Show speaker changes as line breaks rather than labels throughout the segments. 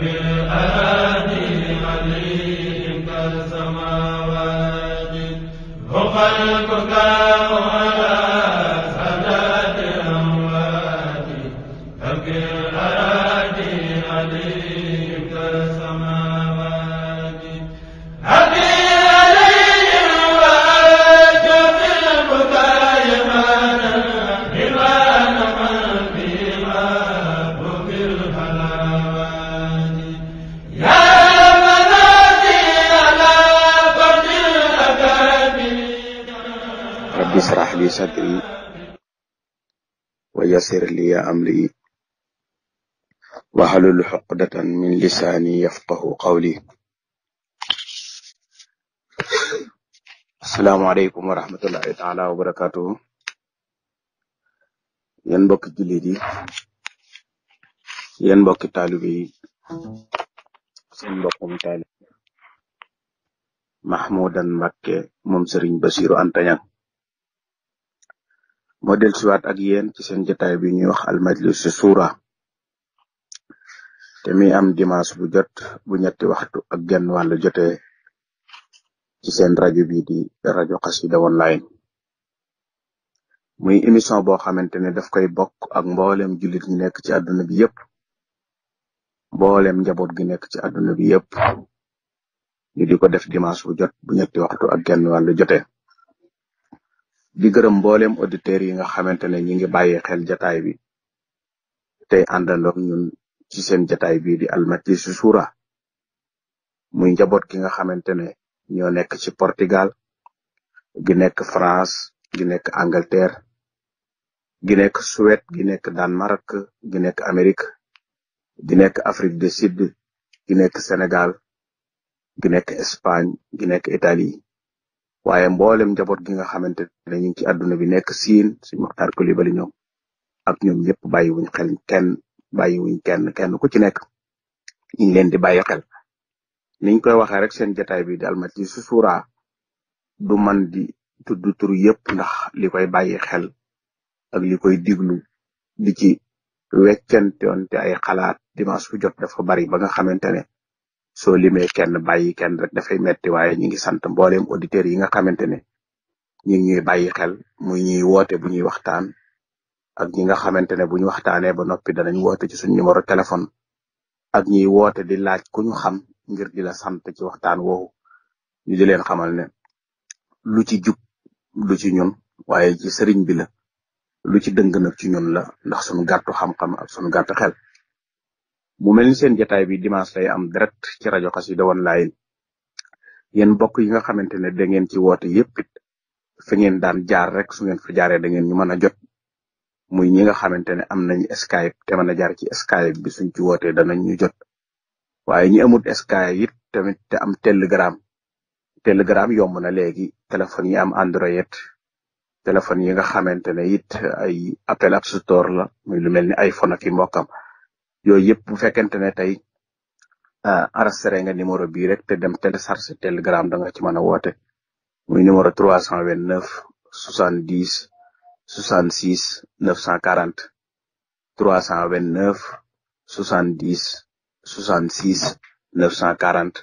كبر
li ويسر لي أمري واحلل عقدة min lisani يفقه قولي asalaamaaleykum wa rahmatullahi taala wa barakatuh yéen bokk jullit yi yéen bokk talibi
sen
seen mbokkum Mahmoudan Mbacké moom Serigne Bassirou Model del siwaat ak yeen ci seen jotaay bi ñuy wax majlis sura te mi am dimanche bu jot bu ñetti waxtu ak genn walu jote ci seen rajo bi di rajo qasida online muy émission boo xamantene daf koy bokk ak mboolem julit ñi nekk ci àdduna bi yépp mboolem njaboot gi nekk ci àdduna bi yépp ñu di ko def dimanche bu jot bu ñetti waxtu ak genn walu jotee di gërëm mboolem auditeur yi nga xamantene ñi ngi bàyyi xel jotaay bi tey andalok ñun ci seen jotaay bi di almati sura muy njabot gi nga xamantene ne ñoo nekk ci Portugal gi nekk France gi nekk Angleterre gi nekk Suède gi nekk Danemark gi nekk Amérique gi nekk Afrique du Sud gi nekk Sénégal gi nekk Espagne gi nekk Italie waaye mboolem njaboot gi nga xamante ne ñu ngi ci àdduna bi nekk siin suñ Maxtaar Kulibali ñoom ak ñoom ñëpp bàyyiwuñ xel kenn bàyyiwuñ kenn kenn ku ci nekk ñu ngi leen di bàyyi xel niñ koy waxee rek seen jataay bi daal ma ci suura du man di tudd tur yëpp ndax li koy bàyyi xel ak li diglu di ci weccantonte ay xalaat dimanche bu jot dafa bari ba nga xamante ne soo limee kenn bàyyi kenn rek dafay metti waaye ñu ngi sant mbooleem auditeurs yi nga xamante ne ñu ngi ñuy bàyyi xel muy ñuy woote bu ñuy waxtaan ak ñi nga xamante ne bu ñu waxtaanee ba noppi danañ woote ci suñ numéro téléphone ak ñiy woote di laaj ku xam ngir di la sant ci waxtaan woowu ñu di leen xamal ne lu ci jub lu ci ñun waaye ci sëriñ bi la lu ci dëng nag ci ñun la ndax suñu gàttu xam-xam ak suñu gàttu xel mu melni ni seen bi dimanche lay am direct ci rajo lain. lay yeen bokk yi nga xamantene da ngeen ci wote yépp it fi ngeen daan jaar rek su ngeen fa jaaree da ngeen ñu mën jot muy ñi nga xamantene am nañ skype te mën a jaar ci skype bi suñ ci wootee danañ ñu jot waaye ñi amut skype it tamit te am telegram telegram yomb na léegi téléphone yi am android téléphone yi nga xamantene ne it ay appel app store la muy lu melni iphone ak i mbokam yooyu yëpp bu fekkente ne tey ah, enregistré nga numéro bii rek te dem télécharge telegram da nga ci mën a woote muy numéro trois cent vingt neuf soixante dix soixante six neuf cent quarante trois cent vingt neuf soixante dix soixante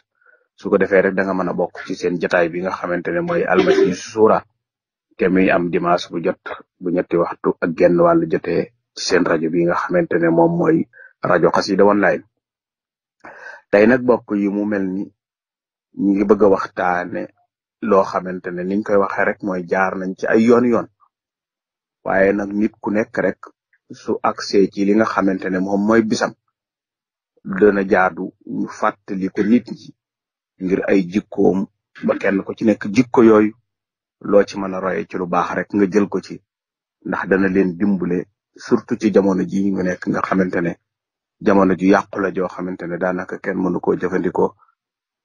su ko defee rek da nga mën a bokk ci seen jataay bi nga xamante ne mooy almasi suura te muy am dimanche bu jot bu ñetti waxtu ak genn wàll jote ci seen rajo bi nga xamante ne moom mooy rajo xasida online tey nag bokk yi mu mel ni ñu ngi bëgg a waxtaane loo xamante ne niñ koy waxee rek mooy jaar nañ ci ay yoon yoon waaye nag nit ku nekk rek su accès ci li nga xamante ne moom mooy bisam dana jaadu ñu fàttali nit ñi ngir ay jikkoom ba kenn ko ci nekk jikko yooyu loo ci mën a roye ci lu baax rek nga jël ko ci ndax dana leen dimbale surtout ci jamono ji ñu nekk nga xamante ne jamono ju yàqu la joo xamante ne daanaka kenn mënu koo jëfandikoo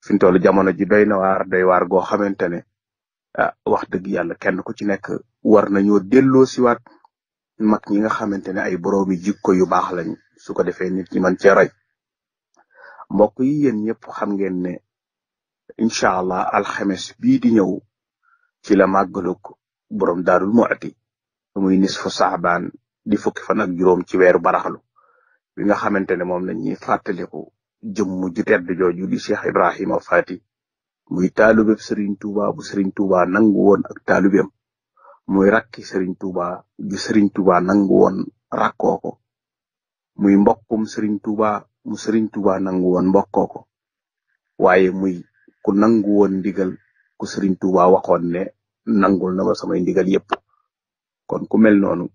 fi mu toll jamono ji doy na waar doy waar goo xamante ne ah wax dëgg yàlla kenn ku ci nekk war nañoo delloo siwaat mag ñi nga xamante ne ay boroomi jikko yu baax lañ su ko defee nit ñi mën cee roy mbokk yi yéen ñëpp xam ngeen ne incha allah alxames bii di ñëw ci la màggalug borom daarul muati muy nisfu saabaan di fukki fan ak juróom ci weeru baraxlu bi nga xamante ne moom la ñuy fàttaliku jëmm ju tedd jooju di Cheikh Ibrahima Fati muy taalubeb Serigne Touba bu Serigne Touba nangu woon ak taalubeem muy rakki Serigne Touba ju Serigne Touba nangu woon rakkoo ko muy mbokkum Serigne Touba mu Serigne Touba nangu woon mbokkoo ko waaye muy ku nangu woon ndigal ku Serigne Touba waxoon ne nangul na ma samay ndigal yépp kon ku mel noonu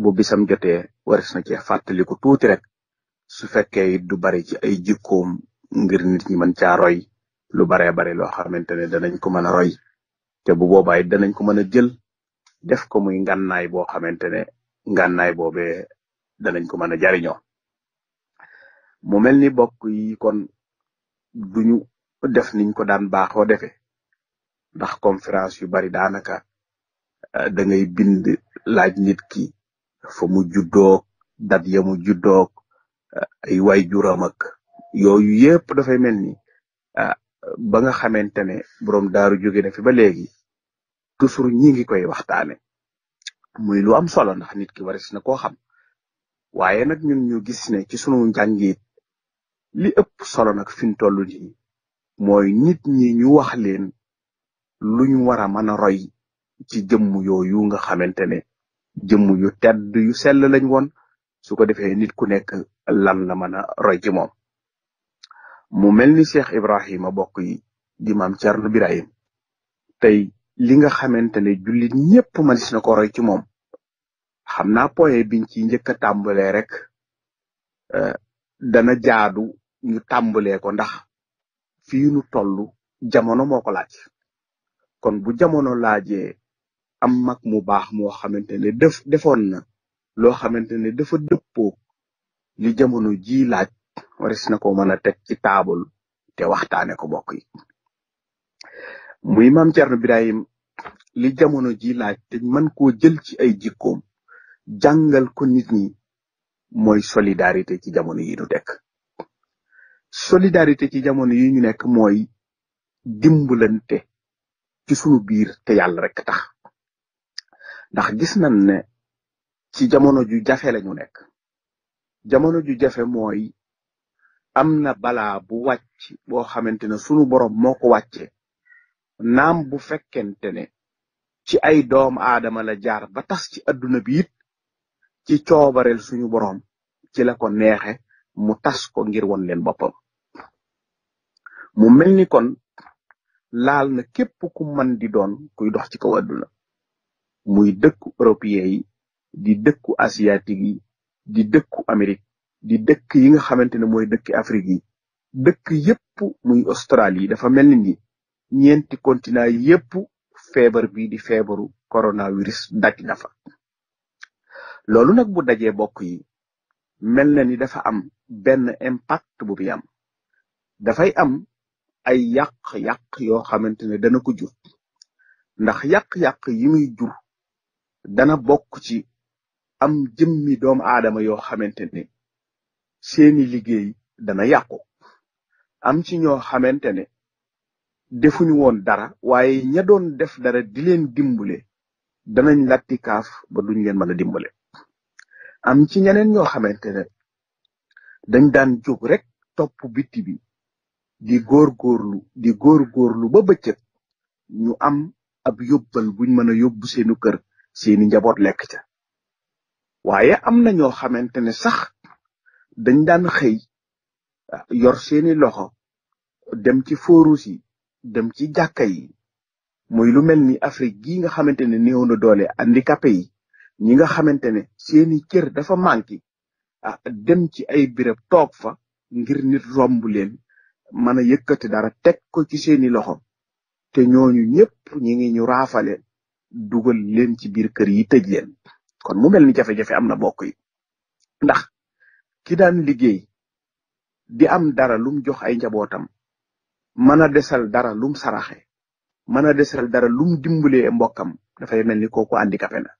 bo bisam jotee waris na cee fàttaliku tuuti rek su fekkee du bari ci ay jikkoom ngir nit ñi mën caa roy lu baree bari loo xamante ne danañ ko mën a roy te bu boobaa it danañ ko mën a jël def ko muy ngànnaay boo xamante ne ngànnaay boobee danañ ko mën a jariñoo mu mel ni bokk yi kon duñu def niñ ko daan baaxoo defee ndax conférence yu bari daanaka eh, dangay ngay bind laaj nit ki fa mu juddoog dat ya mu juddoog eh, ay waay juram ak yooyu yëpp dafay mel ni ah, ba nga xamante ne borom daaru jóge na fi ba léegi toujours ñi ngi koy waxtaane muy lu am solo ndax nit ki waris na koo xam waaye nag ñun ñu gis ne ci sunu njàngit li ëpp solo nag fi ñu toll nii mooy nit ñi ñu wax leen luñ war a mën a roy ci jëmm yooyu nga xamante ne jëmm yu ted yu sell lañ woon su ko defee nit ku nekk lan la mën a roy ci moom mu mel ni Cheikh Ibrahima bokk yi di maam Thierno Birahim tey li nga xamante ne jullit ñëpp mënees ko roy ci moom xam naa point biñ ci njëkk a tàmbalee rek e, dana jaadu ñu tàmbalee ko ndax fii nu jamono moo ko laaj kon bu jamono laajee am mag mu baax moo xamante ne def defoon na loo xamante ne dafa dëppoo li jamono ji laaj waris na ko mën a teg ci taabal te waxtaane ko bokk yi muy maam Cerno Birahim li jamono ji laaj te mën koo jël ci ay jikoom jàngal ko nit ñi mooy solidarité ci jamono yi ñu nekk solidarité ci jamono yi ñu nekk mooy dimbalante ci sunu biir te yàlla rek tax ndax gis nañ ne ci jamono ju jafe lañu nekk jamono ju jafe mooy am na balaa bu wàcc boo xamante ne sunu borom moo ko wàcce naam bu fekkente ne ci ay doom aadama la jaar ba tas ci adduna bi ci coobareel suñu borom ci la ko neexe mu tas ko ngir won leen boppam mu mel ni kon laal na képp ku man di doon kuy dox ci kaw adduna muy dëkku européen yi di dëkku asiatique yi di dëkku Amérique di dëkk yi nga xamante ne mooy dëkki Afrique yi dëkk yépp muy Australie yi dafa mel ni ni ñeenti continent yépp feebar bi di feebaru coronavirus daj na fa loolu nag bu dajee bokk yi mel na ni dafa am benn impact bu bi am dafay am ay yàq-yàq yoo xamante ne dana ko jur ndax yàq-yàq yi jur dana bokk ci am jëmmi doom aadama yoo xamante ne seeni liggéey dana yàqu am ci ñoo xamante ne defuñu woon dara waaye ña doon def dara di leen dimbale danañ latti ba duñ leen mën a dimbale am ci ñeneen ñoo xamante ne dañ daan jog rek topp bitti bi di góorgóorlu di góorgóorlu ba bëccëg ñu am ab yóbbal buñ mën a yóbbu seenu kër seeni njaboot lekk ca waaye am na ñoo xamante ne sax dañ daan xëy ah, yor seeni loxo dem ci forus yi dem ci jàkka yi muy lu mel ni Afrique gi nga xamante ne néew na doole handicapé yi ñi nga xamante ne seeni cër dafa manqué ah dem ci ay béréb toog fa ngir romb leen mën a yëkkati dara teg ko ci seeni loxo te ñooñu ñëpp ñi ngi ñu raafale dugal leen ci biir kër yi tëj leen kon mu mel ni jafe-jafe am na bokk ndax ki daan liggéey di am dara lum jox ay njabootam mën a desal dara lum saraxe mën a desal dara lum dimbalee mbokkam dafay mel ni kooku handicapé na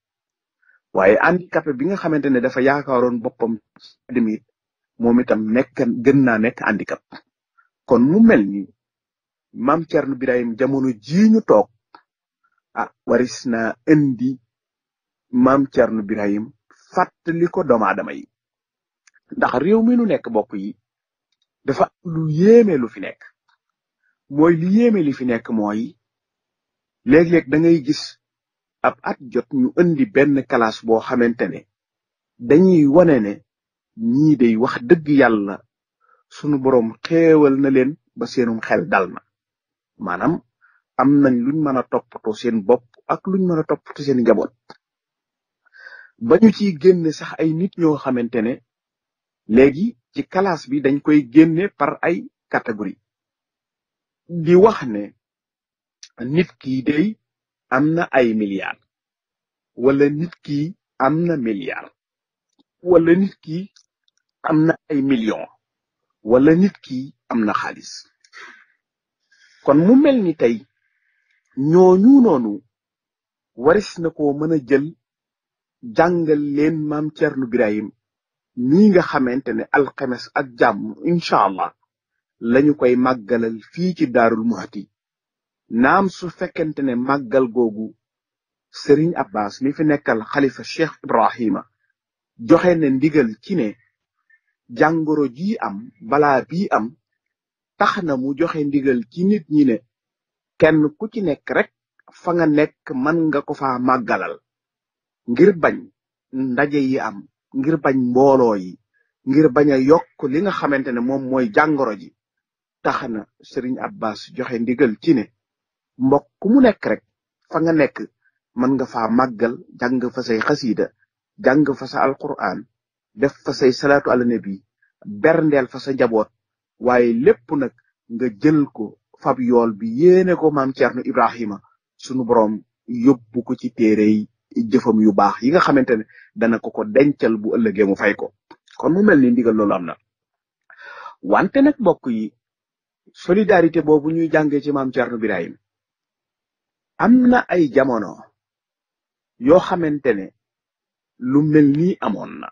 waaye handicapé bi nga xamante ne dafa yaakaaroon boppam demit moom itam nekk gën naa nekk handicap kon mu mel ni maam Thierno Birahim jamono jii ñu toog ah waris naa indi maam Cerno Birahim fàttali ko yi ndax réew mi nu nekk bopp yi dafa lu yéeme lu fi nekk mooy lu yéeme li fi nekk mooy léeg-léeg da gis ab at jot ñu indi benn kalaas boo xamante ne dañuy wane ne ñii day wax dëgg yàlla sunu boroom xéewal na leen ba seenum xel dal na maanaam am na luñ mën a toppatoo seen bopp ak luñ mën a toppatoo seen njaboot ba ñu ci génne sax ay nit ñoo xamante ne léegi ci kalaas bi dañ koy génne par ay catégorie di wax ne nit ki day am na ay milliards wala nit ki am na milliards wala nit am na ay million wala nit ki am na xaalis kon mu mel ni tey ñooñu noonu waris na ko mën a jël jàngal leen maam Thierno Birahim nii nga xamante ne alxemes ak jàmm incha allah lañu koy màggalal fii ci daarul muxti naam su fekkente ne màggal googu sëriñ abbas mi fi nekkal xalifa cheikh ibrahima joxe na ndigal ci ne jàngoro ji am balaa bii am tax na mu joxe ndigal ci nit ñi ne kenn ku ci nekk rek fa nga nekk mën nga ko fa màggalal ngir bañ ndaje yi am ngir bañ mbooloo yi ngir bañ a yokk li nga xamante ne moom mooy jàngoro ji tax na Serigne Abbas joxe ndigal ci ne mbokk mu nekk rek fa nga nekk mën nga fa màggal jàng fa say xasiida jàng fa sa alquran def fa say salaatu ala nabi berndeel fa sa njaboot waaye lépp nag nga jël ko fab yool bi yéene ko maam Cerno Ibrahima sunu borom yóbbu ko ci téere yi jëfam yu baax yi nga xamante ne dana ko ko dencal bu ëllëgee mu fay ko kon mu mel ni ndigal loolu am na wante nag mbokk yi solidarité boobu ñuy jàngee ci maam Cerno Birahim am na ay jamono yoo xamante ne lu mel nii amoon na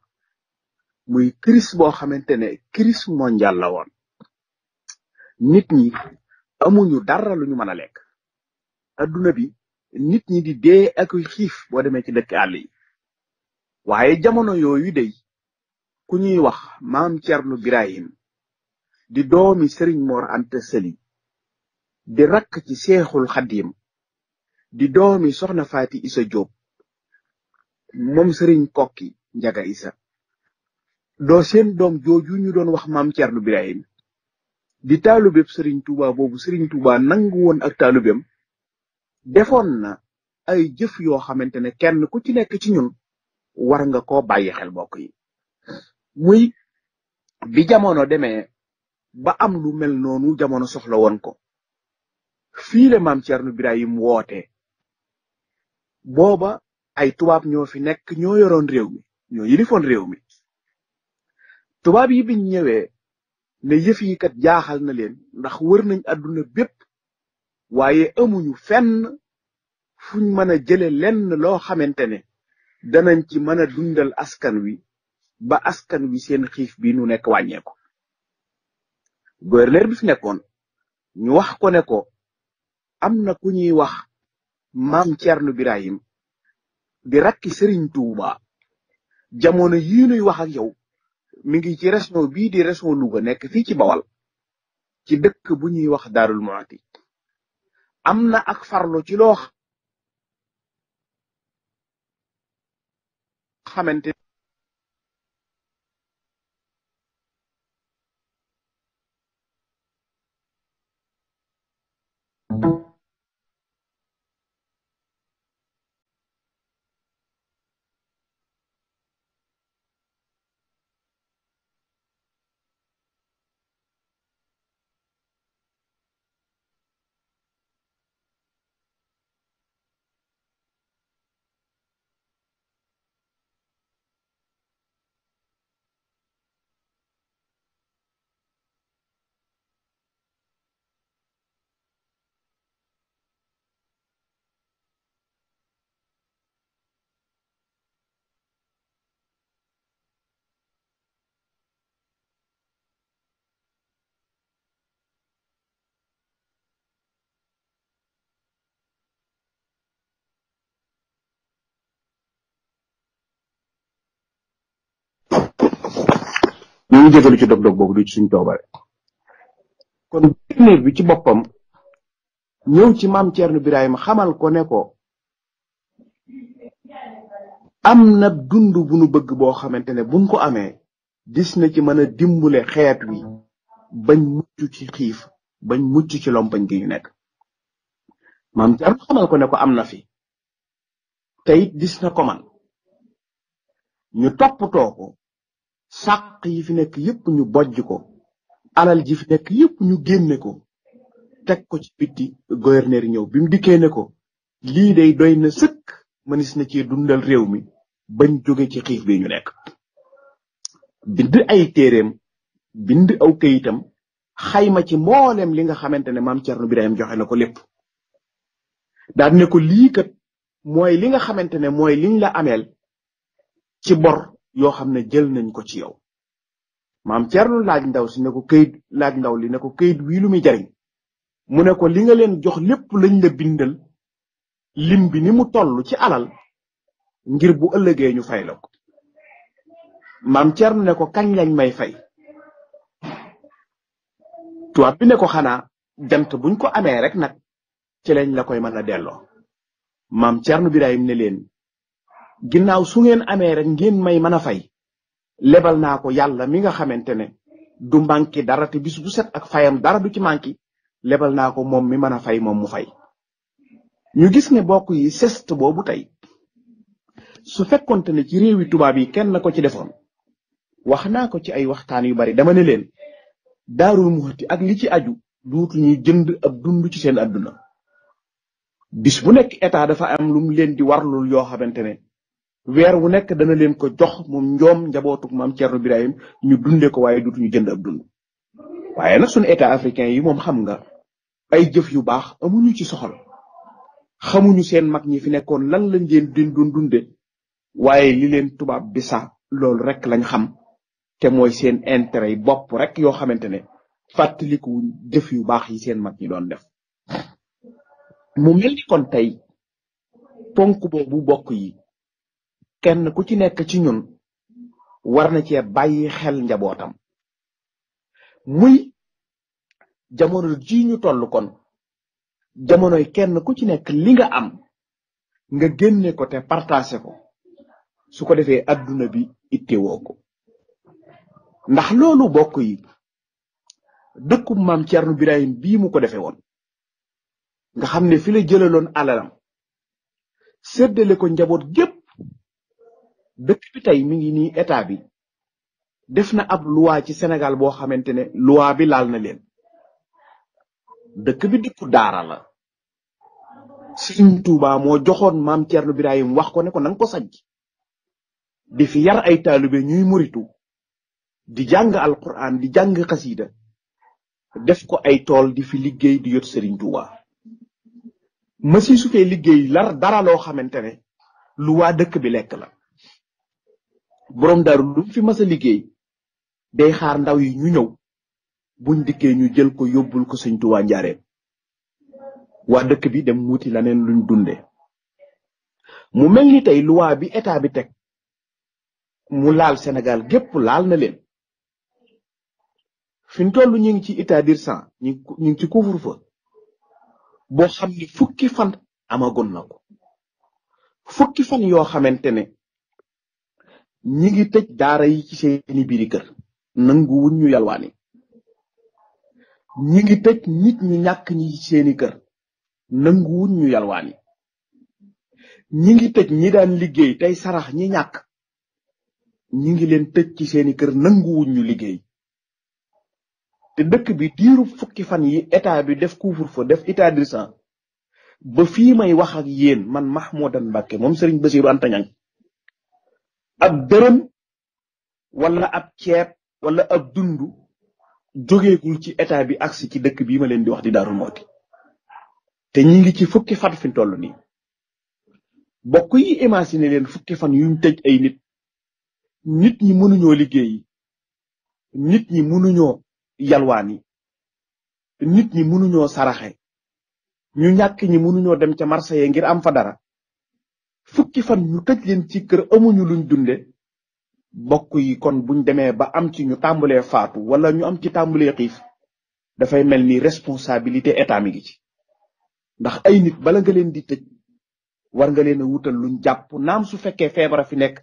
muy crise boo xamante ne crise mondiale la woon nit ñi amuñu dara lu ñu mën a lekk adduna bi nit ñi di dee ak xiif boo demee ci dëkk àll yi waaye jamono yooyu dey ku ñuy wax maam Cerno Birahim di doomi sëriñ Mor Anta Sali di rakk ci seexul xaddiim di doomi soxna Faati Isa Jóob moom sëriñ kokki njaga isa doo seen doom jooju ñu doon wax maam Cerno Birahim di taalubéb Serigne Touba boobu Serigne Touba nangu woon ak taalubéem defoon na ay jëf yoo xamante ne kenn ku ci nekk ci ñun war nga koo bàyyi xel mbokk yi muy bi jamono demee ba am lu mel noonu jamono soxla ko fii la maam Thierno Birahim woote booba ay tubaab ñoo fi nekk ñoo yoroon réew mi ñoo yilifoon réew mi tubaab yi biñ ñëwee ne yëf yi kat jaaxal na leen ndax wër nañ àdduna bépp waaye amuñu fenn fuñ mën a jële lenn loo xamante ne danañ ci mën a dundal askan wi ba askan wi seen xiif bi nu nekk wàññeeku gouverneur bi nekkoon ñu wax ko ne ko am na ku ñuy wax mam Cerno Birahim di rakki Sëriñ Tuuba jamono yii nuy wax ak yow mi ngi ci région bii di région Louga nekk fii ci Bawal ci dëkk bu ñuy wax Daarul Muhti am na ak farlu ci loo xamante ngi jégalu ci dog-dog boobu du ci suñ toobare kon gouverneur bi ci boppam ñëw ci maam Thierno Birahima xamal ko ne ko am na dund nu bëgg boo xamante ne buñ ko amee dis na ci mën a dimbule xeet bañ mucc ci xiif bañ gi nekk maam Thierno xamal ko ne am na fi te it dis na ko ñu toppatoo ko sàq yi fi nekk yépp ñu bojj ko alal ji nekk yépp ñu génne ko teg ko ci bitti gouverneur ñëw bi mu dikkee ne ko lii day doy na sëkk mënis na ci dundal réew mi bañ jóge ci xiif bi ñu nekk bind ay téeréem bind aw këyitam xayma ci mboolem li nga xamante ne maam Cerno Birahim joxe na ko lépp daal ne ko lii kat mooy li nga xamante ne mooy liñ la ameel ci bor yoo xam ne jël nañ ko ci yow maam Thierno laaj ndaw si ne ko këyit laaj ndaw li ne ko këyit wii lu muy jariñ mu ne ko li nga leen jox lépp lañ la bindal lim bi ni mu toll ci alal ngir bu ëllëgee ñu fay la ko maam Thierno ne ko kañ lañ may fay tubaab bi ne ko xanaa jant buñ ko amee rek nag ci lañ la koy mën a delloo maam Thierno Birahim ne leen ginnaaw su ngeen amee rek ngeen may mën a fay lebal naa ko yàlla mi nga xamante ne du manqué dara te bis bu set ak fayam dara du ci manqué lebal naa ko moom mi mën a fay moom mu fay ñu gis ne bokk yi sest boobu tey su fekkonte ne ci réewi tubaab yi kenn ko ci defoon wax naa ko ci ay waxtaan yu bari dama ne leen daarul muxti ak li ci aju duutu ñuy jënd ab dund ci seen adduna bis bu nekk état dafa am lu leen di warlul yoo xamante ne weer wu nekk dana leen ko jox moom ñoom njabootuk maam Thierno Birahim ñu dundee ko waaye dutuñu jënd ab dund waaye nag suñu état africain yi moom xam nga ay jëf yu baax amuñu ci soxal xamuñu seen mag ñi fi nekkoon lan lañ leen di doon dunde waaye li leen tubaab bi sax loolu rek lañ xam te mooy seen intérêt yi bopp rek yoo xamante ne fàttaliku jëf yu baax yi seen mag ñi doon def mu mel ni kon tey ponk boobu bokk yi kenn ku ci nekk ci ñun war na cee bàyyi xel njabootam muy jamono ji ñu toll kon jamonoy kenn ku ci nekk li nga am nga génne ko te partagé ko su ko defee adduna bi ittewoo ko ndax loolu bokk yi dëkkub maam Thierno Birahim bi mu ko defee woon nga xam ne fi la jëlaloon alalam séddale ko njaboot gépp dëkk bi tey mi ngi ni état bi def na ab loi ci Sénégal bo xamantene loi bi laal na len dëkk bi daara la Serigne Touba mo joxone maam tierno ibrahim wax ko ne ko nang ko sajj di fi yar ay talibé ñuy muritu di jàng alquran di jang qasida def ko ay tol di fi liggéey di yot Serigne Touba ma ci su liggéey lar dara lo xamantene loi bi lek la borom daaru lu fi mas a liggéey day xaar ndaw yi ñu ñëw buñ dikkee ñu jël ko yóbbul ko sëñ Tuubaa njaareem waa dëkk bi dem wuti laneen luñ dunde mu mel ni tey loi bi état bi teg mu laal Sénégal gépp laal na leen fi ñu toll ñu ngi ci état d'urgence ñu ngi ci couvre-feu boo xam ni fukki fan amagoon na ko fukki fan yoo xamante ne ñi ngi tej daara yi ci seeni biir kër nangu wuñ ñu yalwaani ñi ngi tej nit ñi ñàkk ñi ci seeni kër nangu wuñ ñu yalwaani ñi ngi tej ñi daan liggéey tey sarax ñi ñàkk ñi ngi leen tëj ci seeni kër nangu wuñ ñu liggéey te dëkk bi diiru fukki fan yi état bi def couvre feu def état d'urgence ba fii may wax ak yéen man mahmoudan mbàkke moom sëriñ basiru antañang ab dërëm wala ab ceeb wala ab dund jógeegul ci état bi agsi ci dëkk bii ma leen di wax di Daaru Muxti te ñi ngi ci fukki fan fi toll nii bokk yi imaginer fukki fan yuñ tëj ay nit nit ñi mënuñoo liggéeyi nit ñi mënuñoo yalwaani nit ñi mënuñoo saraxe ñu ñàkk ñi mënuñoo dem ca marché ngir am fa dara fukki fan ñu tëj leen ci kër amuñu luñ dunde bokk yi kon buñ demee ba am ci ñu tàmbalee faatu wala ñu am ci tàmbalee xiif dafay mel ni responsabilité état mi ndax ay nit bala nga leen di tëj war nga leen a wutal luñ jàpp naam su fekkee feebara fi nekk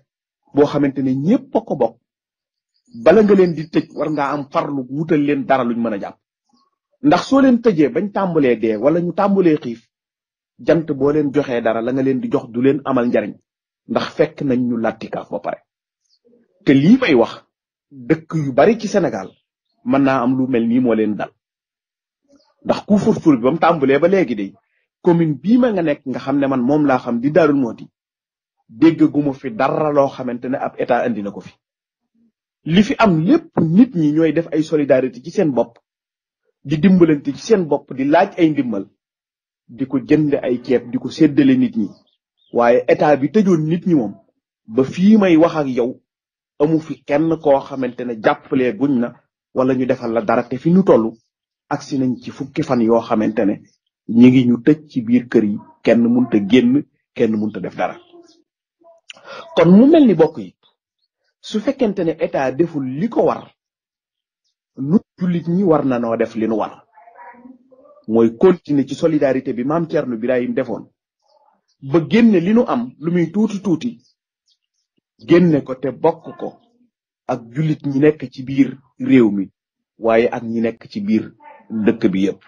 boo xamante ne ñépp a bok bokk bala nga leen di tëj war ngaa am farlu wutal leen dara luñ mën a jàpp ndax soo leen tëjee bañ tàmbalee de wala ñu tàmbalee xiif jant bo len joxe dara la nga len di jox du len amal njariñ ndax fekk nañ ñu lattikaaf ba pare te li may wax dekk yu bari ci senegal man naa am lu mel ni mo len dal ndax ku furfur bi bam tambule ba legi de commune bi ma nga nek nga xamne man mom la xam di daarul mooti dégg guma fi dara lo xamantene ab état andi nako fi li fi am lepp nit ñi ñoy def ay solidarité ci seen bop di dimbalante ci seen bop di laaj ay ndimmal di ko jënd ay ceeb di ko séddale nit ñi waaye état bi tëjoon nit ñi moom ba fi may wax ak yow amu fi kenn koo xamante ne jàppalee guñ na wala ñu defal la dara te fi ñu toll agsi nañ ci fukki fan yoo xamante ne ñi ngi ñu tëj ci biir kër yi kenn mun a génn kenn mënut a def dara kon mu mel ni bokk yi su fekkente ne état deful li ko war nu ñu ñi war na noo def li nu war mooy continuer ci solidarité bi maam Thierno Birahim defoon ba génne li nu am lu muy tuuti tuuti génne ko te bokk ko ak jullit ñi nekk ci biir réew mi waaye ak ñi nekk ci biir dëkk bi yépp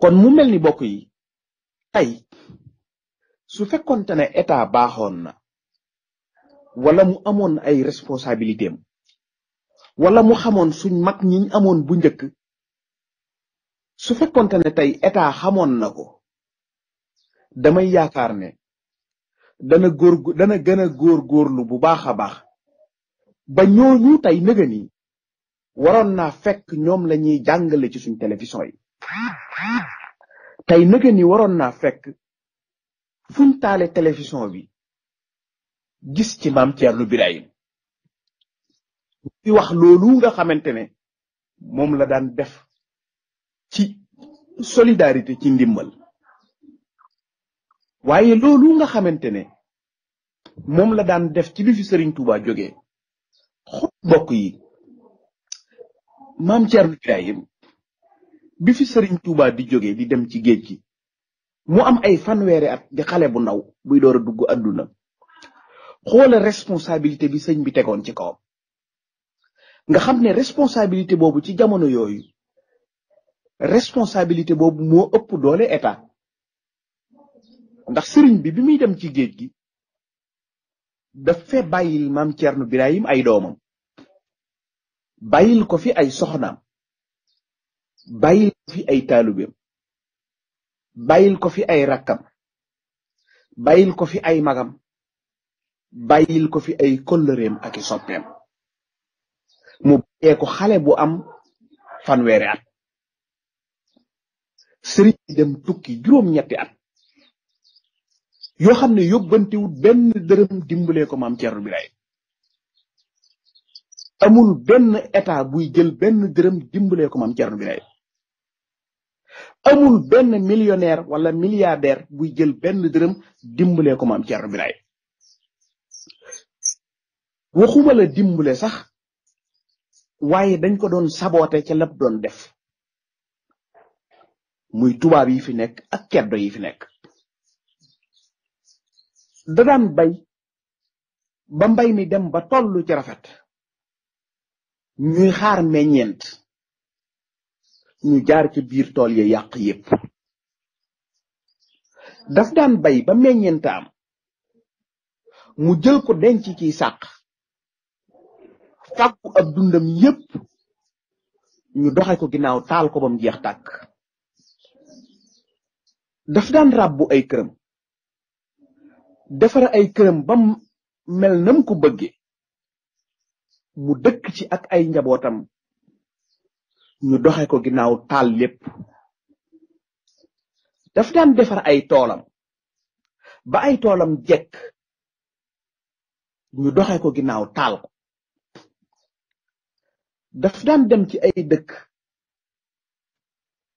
kon mu mel ni bokk yi tey su fekkonte ne état baaxoon na wala mu amoon ay responsabilité wala mu xamoon suñ mag ñiñ amoon bu njëkk su fekkonte ne tey état xamoon na ko damay yaakaar ne dana góor dana gën a góorgóorlu bu baax a baax ba ñooñu tey nëga ni waroon naa fekk ñoom la ñuy jàngale ci suñ télévision yi tey nëga ni waroon naa fekk fuñ taale télévision bi gis ci maam Thierno Birahim di wax lolu nga xamante ne moom la daan def ci solidarité ci ndimbal waaye loolu nga xamante ne moom la daan def ci bi fi Serigne Touba jógee xool bokk yi maam Thierno Ibrahim bi fi Serigne Touba di jógee di dem ci géej gi mu am ay fanweeri at di xale bu ndaw buy door a dugg àdduna xoola responsabilité bi sëñ bi tegoon ci kawam nga xam ne responsabilité boobu ci jamono yooyu. responsabilité boobu moo ëpp doole état ndax sëriñ bi bi muy dem ci géej gi daf fee bàyyil maam Thierno Birahim ay doomam bàyyil ko fi ay soxnaam bàyyil ko fi ay taalubeem bàyyil ko fi ay rakkam bàyyil ko fi ay magam bàyyil ko fi ay kollëreem ak i soppeem mu bàyyee xale bu am fanweeri at sëriñ bi dem tukki juróom-ñetti at yoo xam ne yóbbantewut benn dërëm dimbalee ko maam Thierno amul benn état buy jël benn dërëm dimbalee ko maam Thierno Birahim amul benn millionnaire wala milliardaire buy jël benn dërëm dimbalee ko maam Thierno Birahim waxuma la dimbale sax waaye dañ ko doon saboote ca lab doon def muy tubaab yi fi nekk ak ceddo yi fi nekk da daan bay ba mbay mi dem ba tollu ci rafet ñuy xaar meññeent ñu jaar ci biir tool yi yàq yépp daf daan bay ba meññeent am mu jël ko denc ci sàq fàggu ab dundam yépp ñu doxe ko ginnaaw taal ko ba mu jeex tàkk daf daan ràbbu ay këram defar ay këram ba mel nam ko bëgge mu dëkk ci ak ay njabootam ñu doxe ko ginnaaw taal lépp daf daan defar ay toolam ba ay toolam jekk ñu doxe ko ginnaaw taal ko daf daan dem ci ay dëkk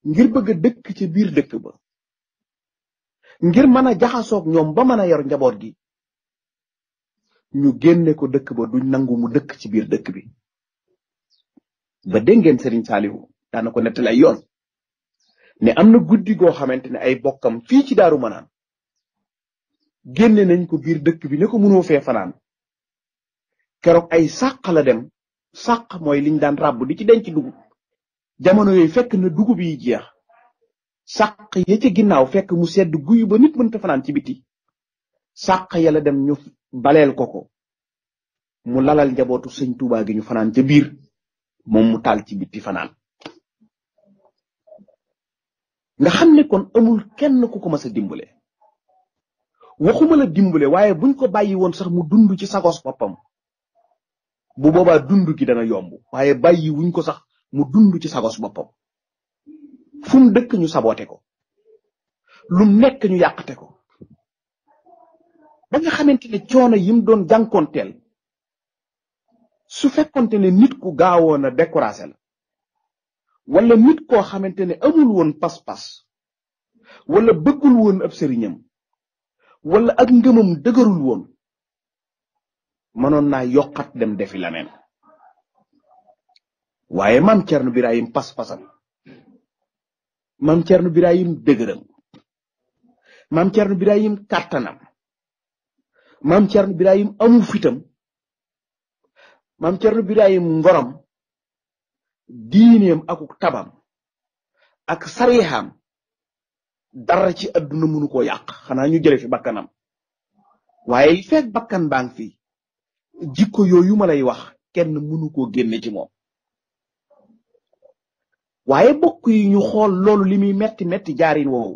ngir bëgg dëkk ci biir dëkk ba ngir mën a jaxasoog ñoom ba mën a yor njaboot gi ñu génne ko dëkk ba duñ nangu mu dëkk ci biir dëkk bi ba dégg ngeen Serigne Saliou daana ko nettali ay yoon ne am na guddi goo xamante ne ay bokkam fii ci daaru manaan génne nañ ko biir dëkk bi ne ko mënoo fee fanaan keroog ay sàq la dem sàq mooy liñ daan ràbb di ci denc dugub jamono yooyu fekk na dugub yi jeex sàq ya ca ginnaaw fekk mu sedd guyu ba nit mënta fanaan ci biti sàq ya la dem ñu baleel ko ko mu lalal njabootu sëñ tuubaa gi ñu fanaan ca biir moom mu tal ci biti fanaan nga xam kon amul kenn ku ko mas a dimbale waxuma la dimbale waaye buñ ko bàyyi woon sax mu dund ci sagos boppam bu boobaa dund gi dana yomb waaye bàyyi wuñ ko sax mu dund ci sagos boppam fu dëkk ñu saboote ko lu nekk ñu yàqate ko ba nga xamante ne coono yi mu doon jànkoonteel su fekkonte ne nit ku gaawoon a découragé la wala nit koo xamante ne amul woon pas-pas wala bëggul woon ab sëriñam wala ak ngëmam dëgërul woon mënoon naa yokkat dem defi la neen waaye nu Cerno Birahim pas-pasam maam Thierno Birahim dëgëram maam Thierno Birahim kàttanam maam Thierno Birahim amu fitam maam Thierno Birahim ngorom diineem akuk tabam ak sarixaam dara ci adduna mënu koo yàq xanaa ñu jële fi bakkanam waaye fekk bakkan baa ngi fi jikko yooyu ma lay wax kenn mënu koo génne ci moom waaye bokk yi ñu xool loolu li muy metti metti jaarin woowu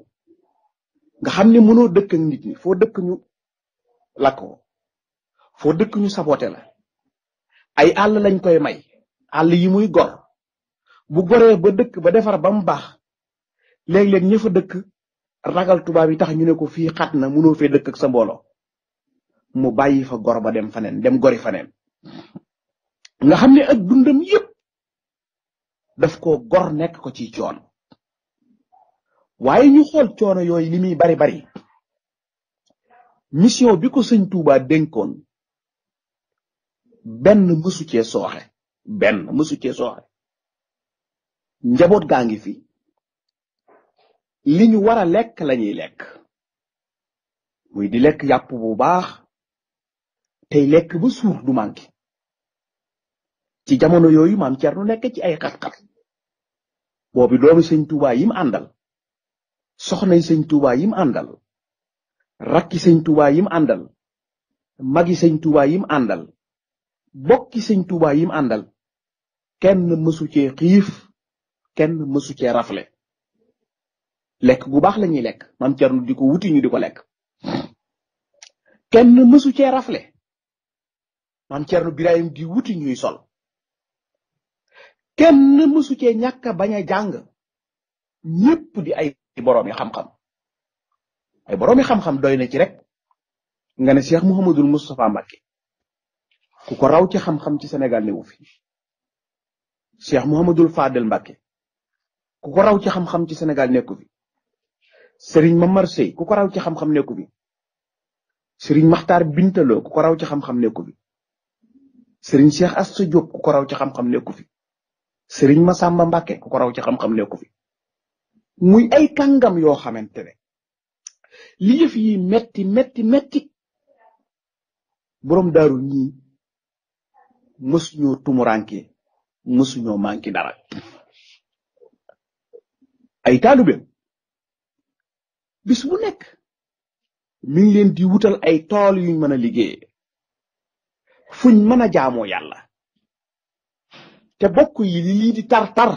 nga xam ne mënoo dëkk ak nit ñi foo dëkk ñu lakkoo foo dëkk ñu saboté la ay àll lañ koy may àll yi muy gor bu goree ba dëkk ba defar ba mu baax léeg-léeg ña fa dëkk ragal tubaab yi tax ñu ne ko fii xat na mënoo fee dëkk ak sa mbooloo mu bàyyi fa gor ba dem faneen dem gori faneen nga xam ne ak dundam yëpp daf ko gor nekk ko ci coono waaye ñu xool coono yooyu li muy bari bari mission bi ko sëñ Touba dénkoon benn mësu cee sooxe benn mësu njaboot gaa ngi fi li ñu war a lekk lañuy lekk muy di lekk yàpp bu baax tey lekk ba suur du manqué ci jamono yoyu mam ciarnu nek ci ay xat-xat bobu doomi seigne Touba yim andal soxnay seigne Touba yim andal rakki seigne Touba yim andal magi seigne Touba yim andal bokki seigne Touba yim andal kenn mësu ci xif kenn mësu ci rafle lek gu bax lañuy lek mam ciarnu di wuti ñu di lek kenn mësu ci rafle mam ciarnu biraayim di wuti ñuy sol kenn mësu cee ñàkk a bañ a jàng ay boroom yi xam-xam ay boroom yi xam doy na ci rek nga ne Cheikh Mouhamadul Moustapha Mbacké ku ko raw ci xam-xam ci Sénégal newu fi Cheikh Mouhamadul Fadel Mbacké ku ko raw ci xam-xam ci Sénégal nekku fi Serigne Mamar ku ko raw ci xam-xam nekku fi Serigne Maxtaar Bintaloo ku ko raw ci xam-xam nekku fi Serigne ku ko raw ci xam-xam nekku fi sëriñ ma samba mbàkke ku ko raw ci xam-xam nekku fi muy ay kàngam yoo xamante ne li yëf yi metti metti metti borom daaru ñii mësuñoo tumuranke mësuñoo manki dara ay taalubeem bis bu nekk mi ngi leen di wutal ay tool yuñ mën a fuñ mën a jaamoo te bokk yi lii di tar-tar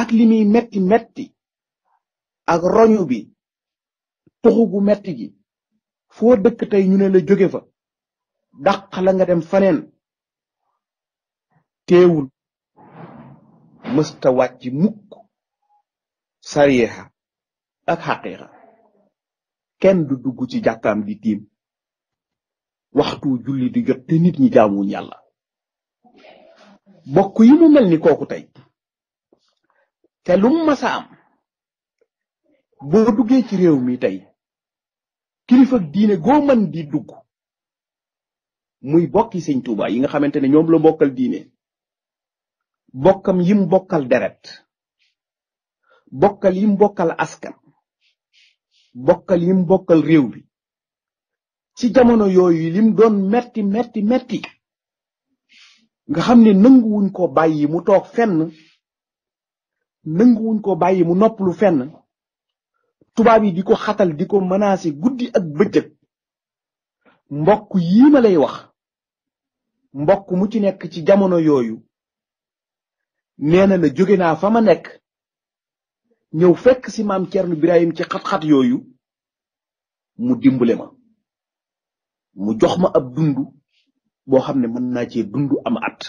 ak li muy metti metti ak roñu bi tuxu gu metti gi foo dëkk tey ñu ne la jóge fa dàq la nga dem faneen teewul mësta wàcc mukk sariyexa ak xaqiixa kenn du dugg ci jàkkaam di tiim waxtu julli di jot te nit ñi jaamuñ yàlla bokk yi mel ni kooku tey te lu mu masa am boo duggee ci réew mi tey kilifa diine goo mën di dugg muy bokki sëñ Tuuba yi nga xamante ne ñoom la bokkal diine bokkam yim bokkal deret bokkal yim bokkal askan bokkal yim bokkal réew bi ci jamono yooyu lim doon metti metti metti nga xam ne nanguwuñ ko bàyyi mu toog fenn nanguwuñ ko bàyyi mu nopp lu fenn tubaab yi di ko xatal di ko menacer guddi ak bëccëg mbokk yii ma lay wax mbokk mu ci nekk ci jamono yooyu nee na la jóge naa fa ma nekk ñëw fekk si maam Thierno Birahim ci xat-xat yooyu mu dimbale ma mu jox ma ab dundu boo xam ne mën naa cee dund am at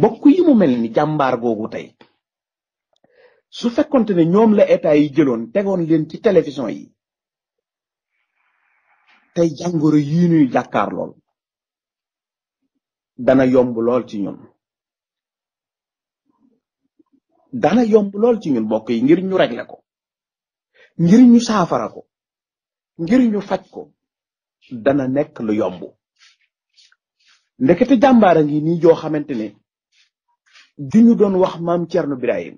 bokk yimu mel ni jàmbaar googu tey su fekkonte ne ñoom la état yi jëloon tegoon leen ci télévision yi tey jàngoro yii ñuy jàkkaar lool dana yomb lool ci ñun dana yomb lool ci ñun bokk yi ngir ñu régler ko ngir ñu saafara ko ngir ñu faj ko dana nek lu yomb ndekete jambar ngi ni jo xamantene ne di doon wax mam tierno Birahim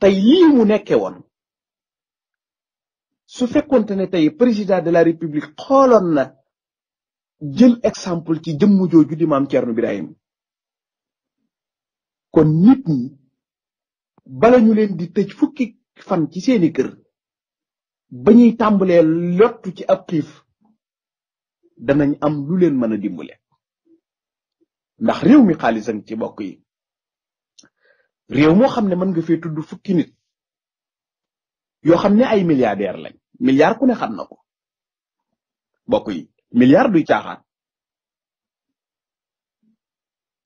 tay li mu nekke woon su fekkonte ne tey président de la république xolon na jël exemple ci jëm joju di maam tierno Birahim kon nit ni bala ñu di tej fukki fan ci seeni kër bañuy ñuy tàmbalee ci ab danañ am lu leen mëna dimbulé ndax réew mi xaalisam ci bokk yi réew mo xamné ne mën nga fi tuddu fukki nit yo xamné ay milliardaire lañ milliard ku ne xam na bokk yi milliard du caaxaan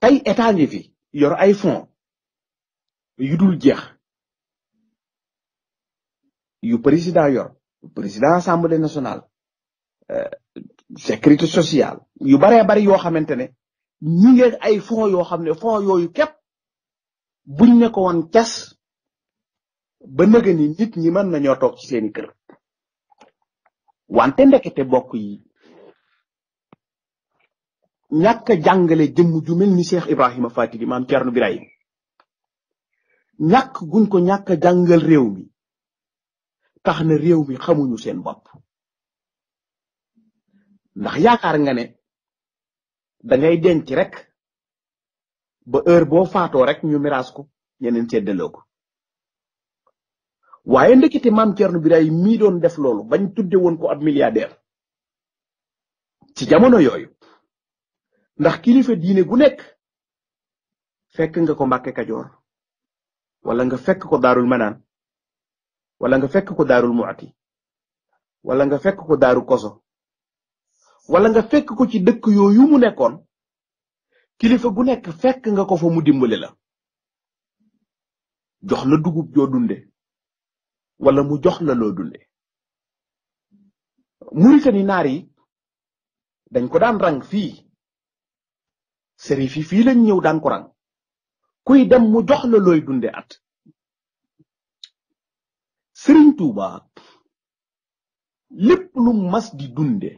tay état ngi fi yor ay fonds yu dul jeex yu président yor président assemblée nationale eh, sécurité sociale yu bare bare yo xamantene ne ngi ay fonds yo xam fonds yoyu kep buñ ne ko won tass ba nëga ni nit ñi man nañu tok ci seeni kër wante ndekete bokku yi ñak jangale jëm ju melni cheikh ibrahima fatidi man ceerno birahim ñak guñ ko ñak jangal rew mi tax na réew mi xamuñu seen bopp ndax yaakaar nga ne da ngay denc rek ba heure bo faatoo rek ñu miraas ko ñeneen seddaloo ko waaye ndekete maam Thierno Birahim mii doon def loolu bañ tudde woon ko ab milliardaire ci jamono yooyu ndax kilifa diine gu nekk fekk nga ko Mbàkke Kajoor wala nga fekk ko Daarul Manaan wala nga fekk ko daarul muati wala nga fekk ko daaru koso wala nga fekk ko ci dëkk yooyu mu nekkoon kilifa gu nekk fekk nga ko fa mu dimbali la jox la dugub joo dunde wala mu jox la loo dunde Muritani naar yi dañ ko daan rang fii serif yi fii lañ ñëw daan ko rang kuy dem mu jox la looy dunde at sëriñ tuuba lépp lu mas di dunde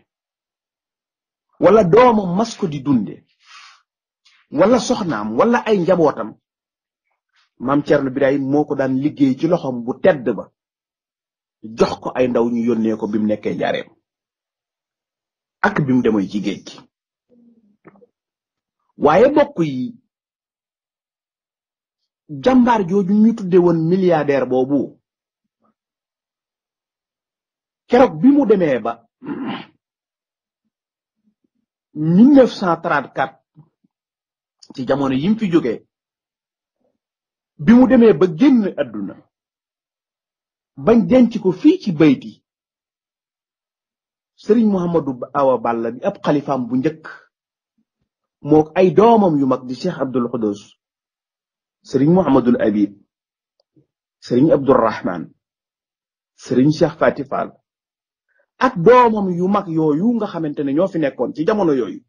wala doomam mas ko di dunde wala soxnaam wala ay njabootam maam Cerno Birahim moo ko daan liggéey ci loxom bu tedd ba jox ko ay ndaw ñu yónnee ko bimu nekkee njaareem ak bimu demoy ci géej gi waaye bokk yi jooju ñu tudde woon milliardaire boobu keroog bi mu demee ba 1934 ci jamono yim fi jógee bi mu demee ba génn àdduna bañ denc ko fi ci bayti sëriñ Mouhamadou Awa Balla bi ab xalifaam bu njëkk mook ay doomam yu mag di cheikh Abdul Xudus sëriñ Mouhamadul Habib sëriñ Abdurahman sëriñ cheikh Fati ak doomam yu mag yooyu nga xamante ne ñoo fi nekkoon ci jamono yooyu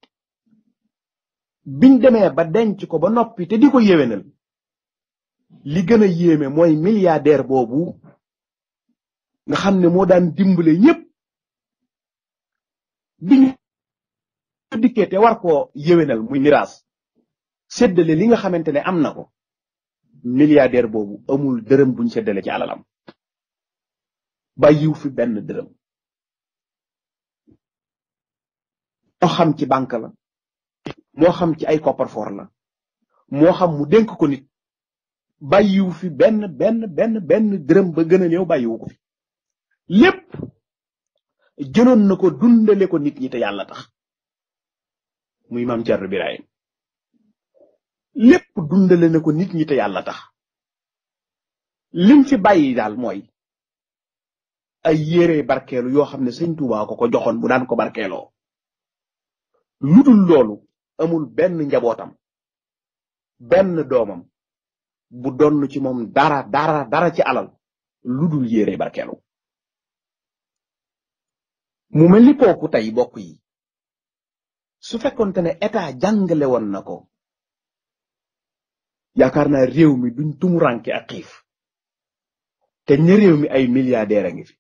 biñ demee ba denc ko ba noppi te di ko yéwénal li gën a yéeme mooy milliardaire boobu nga xam ne moo daan dimbale ñëpp bi ñu dikkee te war koo muy miraas séddale nga xamante ne am na ko milliardaire boobu amul dërëm buñ seddale ci alalam bàyyiw fi benn dërëm moo xam ci banque la moo xam ci ay coffre la moo xam mu dénk ko nit bàyyiwu fi benn benn benn benn dërëm ba gën a néew bàyyiwu ko fi lépp jëloon na ko dundale ko nit ñi te yàlla tax muy maam Cerno Birahim lépp dundale na ko nit ñi te yàlla tax lim fi bàyyi daal mooy ay yére barkeelu yoo xam ne sëñ Tuubaa ko ko joxoon mu daan ko barkeeloo lu dul loolu amul benn njabootam benn doomam bu donn ci moom dara dara ci alal lu dul yére barkeelu mu mel ni kooku tey bokk yi su fekkonte ne état jàngale woon na ko yaakaar na réew mi duñ tumuranke ak xiif te ña réew ay milliardaire a ngi fi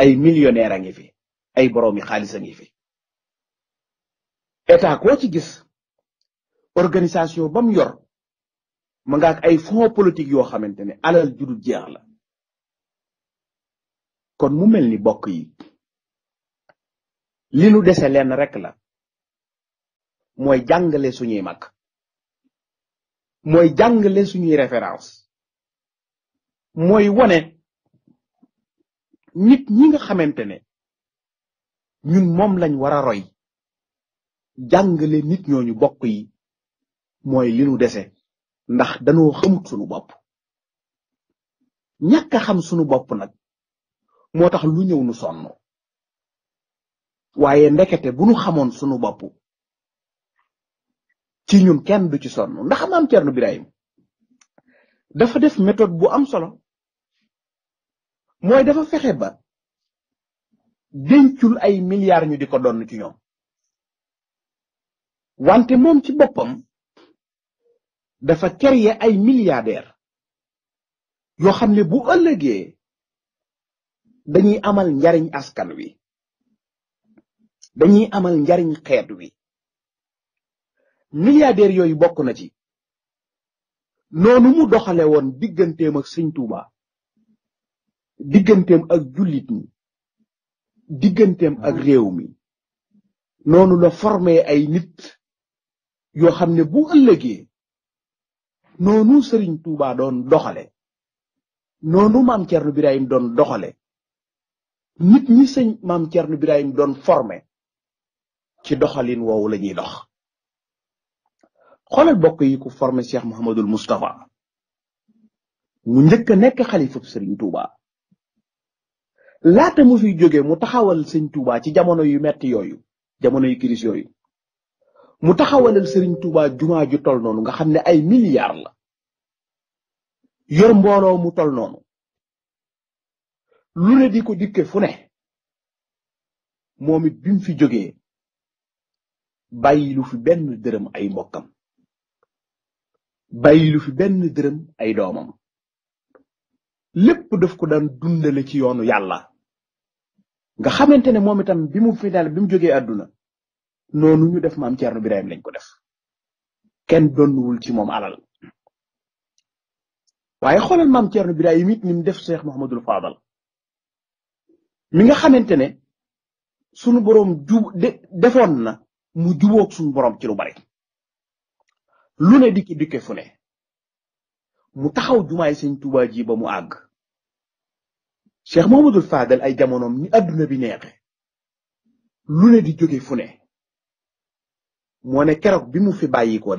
ay millionnaire a ngi fi ay boroomi xaalis ngi fi état ko ci gis organisation bam yor ma nga ak ay fonds politiques yo xamantene ne alal judu jeex la kon mu melni ni yi li nu déssé lenn rek la moy jangalé suñuy mak moy jangalé suñuy référence moy woné nit ñi nga xamantene ne ñun mom lañ wara roy jàngale nit ñooñu bokk yi mooy li nu dese ndax danoo xamut sunu bopp ñàkk a xam sunu bopp nag moo tax lu ñëw nu sonn waaye ndekete bu nu xamoon sunu bopp ci ñun kenn du ci sonn ndax maam Thierno Birahim dafa def méthode bu am solo mooy dafa fexe ba dencul ay milliards ñu di ko donn ci ñoom wante moom ci boppam dafa créer ay milliardaires yoo xam ne bu ëllëgee dañuy amal njariñ askan wi dañuy amal njariñ xeet wi milliardaires yooyu bokk na ci noonu mu doxale woon digganteem ak sëñ digganteem ak jullit ñi digganteem ak réew mi noonu la formé ay nit yoo xam ne bu ëllëgee noonu Serigne Touba doon doxale noonu maam Thierno Birahim doon doxale nit ñi sëñ maam Thierno Birahim doon formé ci doxalin woowu la ñuy dox xoolal bokk yi ku formé Cheikh Mouhamadul Moustapha mu njëkk a nekk xalifab Serigne Touba laata mu fi jóge mu taxawal sëñ Touba ci jamono yu metti yooyu jamono yu kiris yooyu mu taxawalal Serigne Touba jumaa ju tol noonu nga xam ne ay milliards la yor mbooloo mu tol noonu lu ne di ko dikke fu ne moom it bi fi jógee bàyyi lu fi benn dërëm ay mbokkam bàyyi lu fi benn dërëm ay doomam lépp def ko daan dundale ci yoonu yàlla nga xamante ne moom itam bi mu fi daal bi mu jógee àdduna noonu ñu def maam Thierno Birahim lañ ko def kenn donnuwul ci moom alal waaye xoolal maam Thierno Birahim it ni mu def Cheikh Mouhamadul Fadal mi nga xamante ne sunu borom jub defoon na mu jubóog sunu borom ci lu bari lu ne dikki dikke mu taxaw jumaay sëñ Tuubaa ji ba mu àgg Cheikh Mouhamadul Fadal ay jamonoom ni adduna bi neexe lu di jóge fu ne moo ne keroog bi mu fi bàyyi ko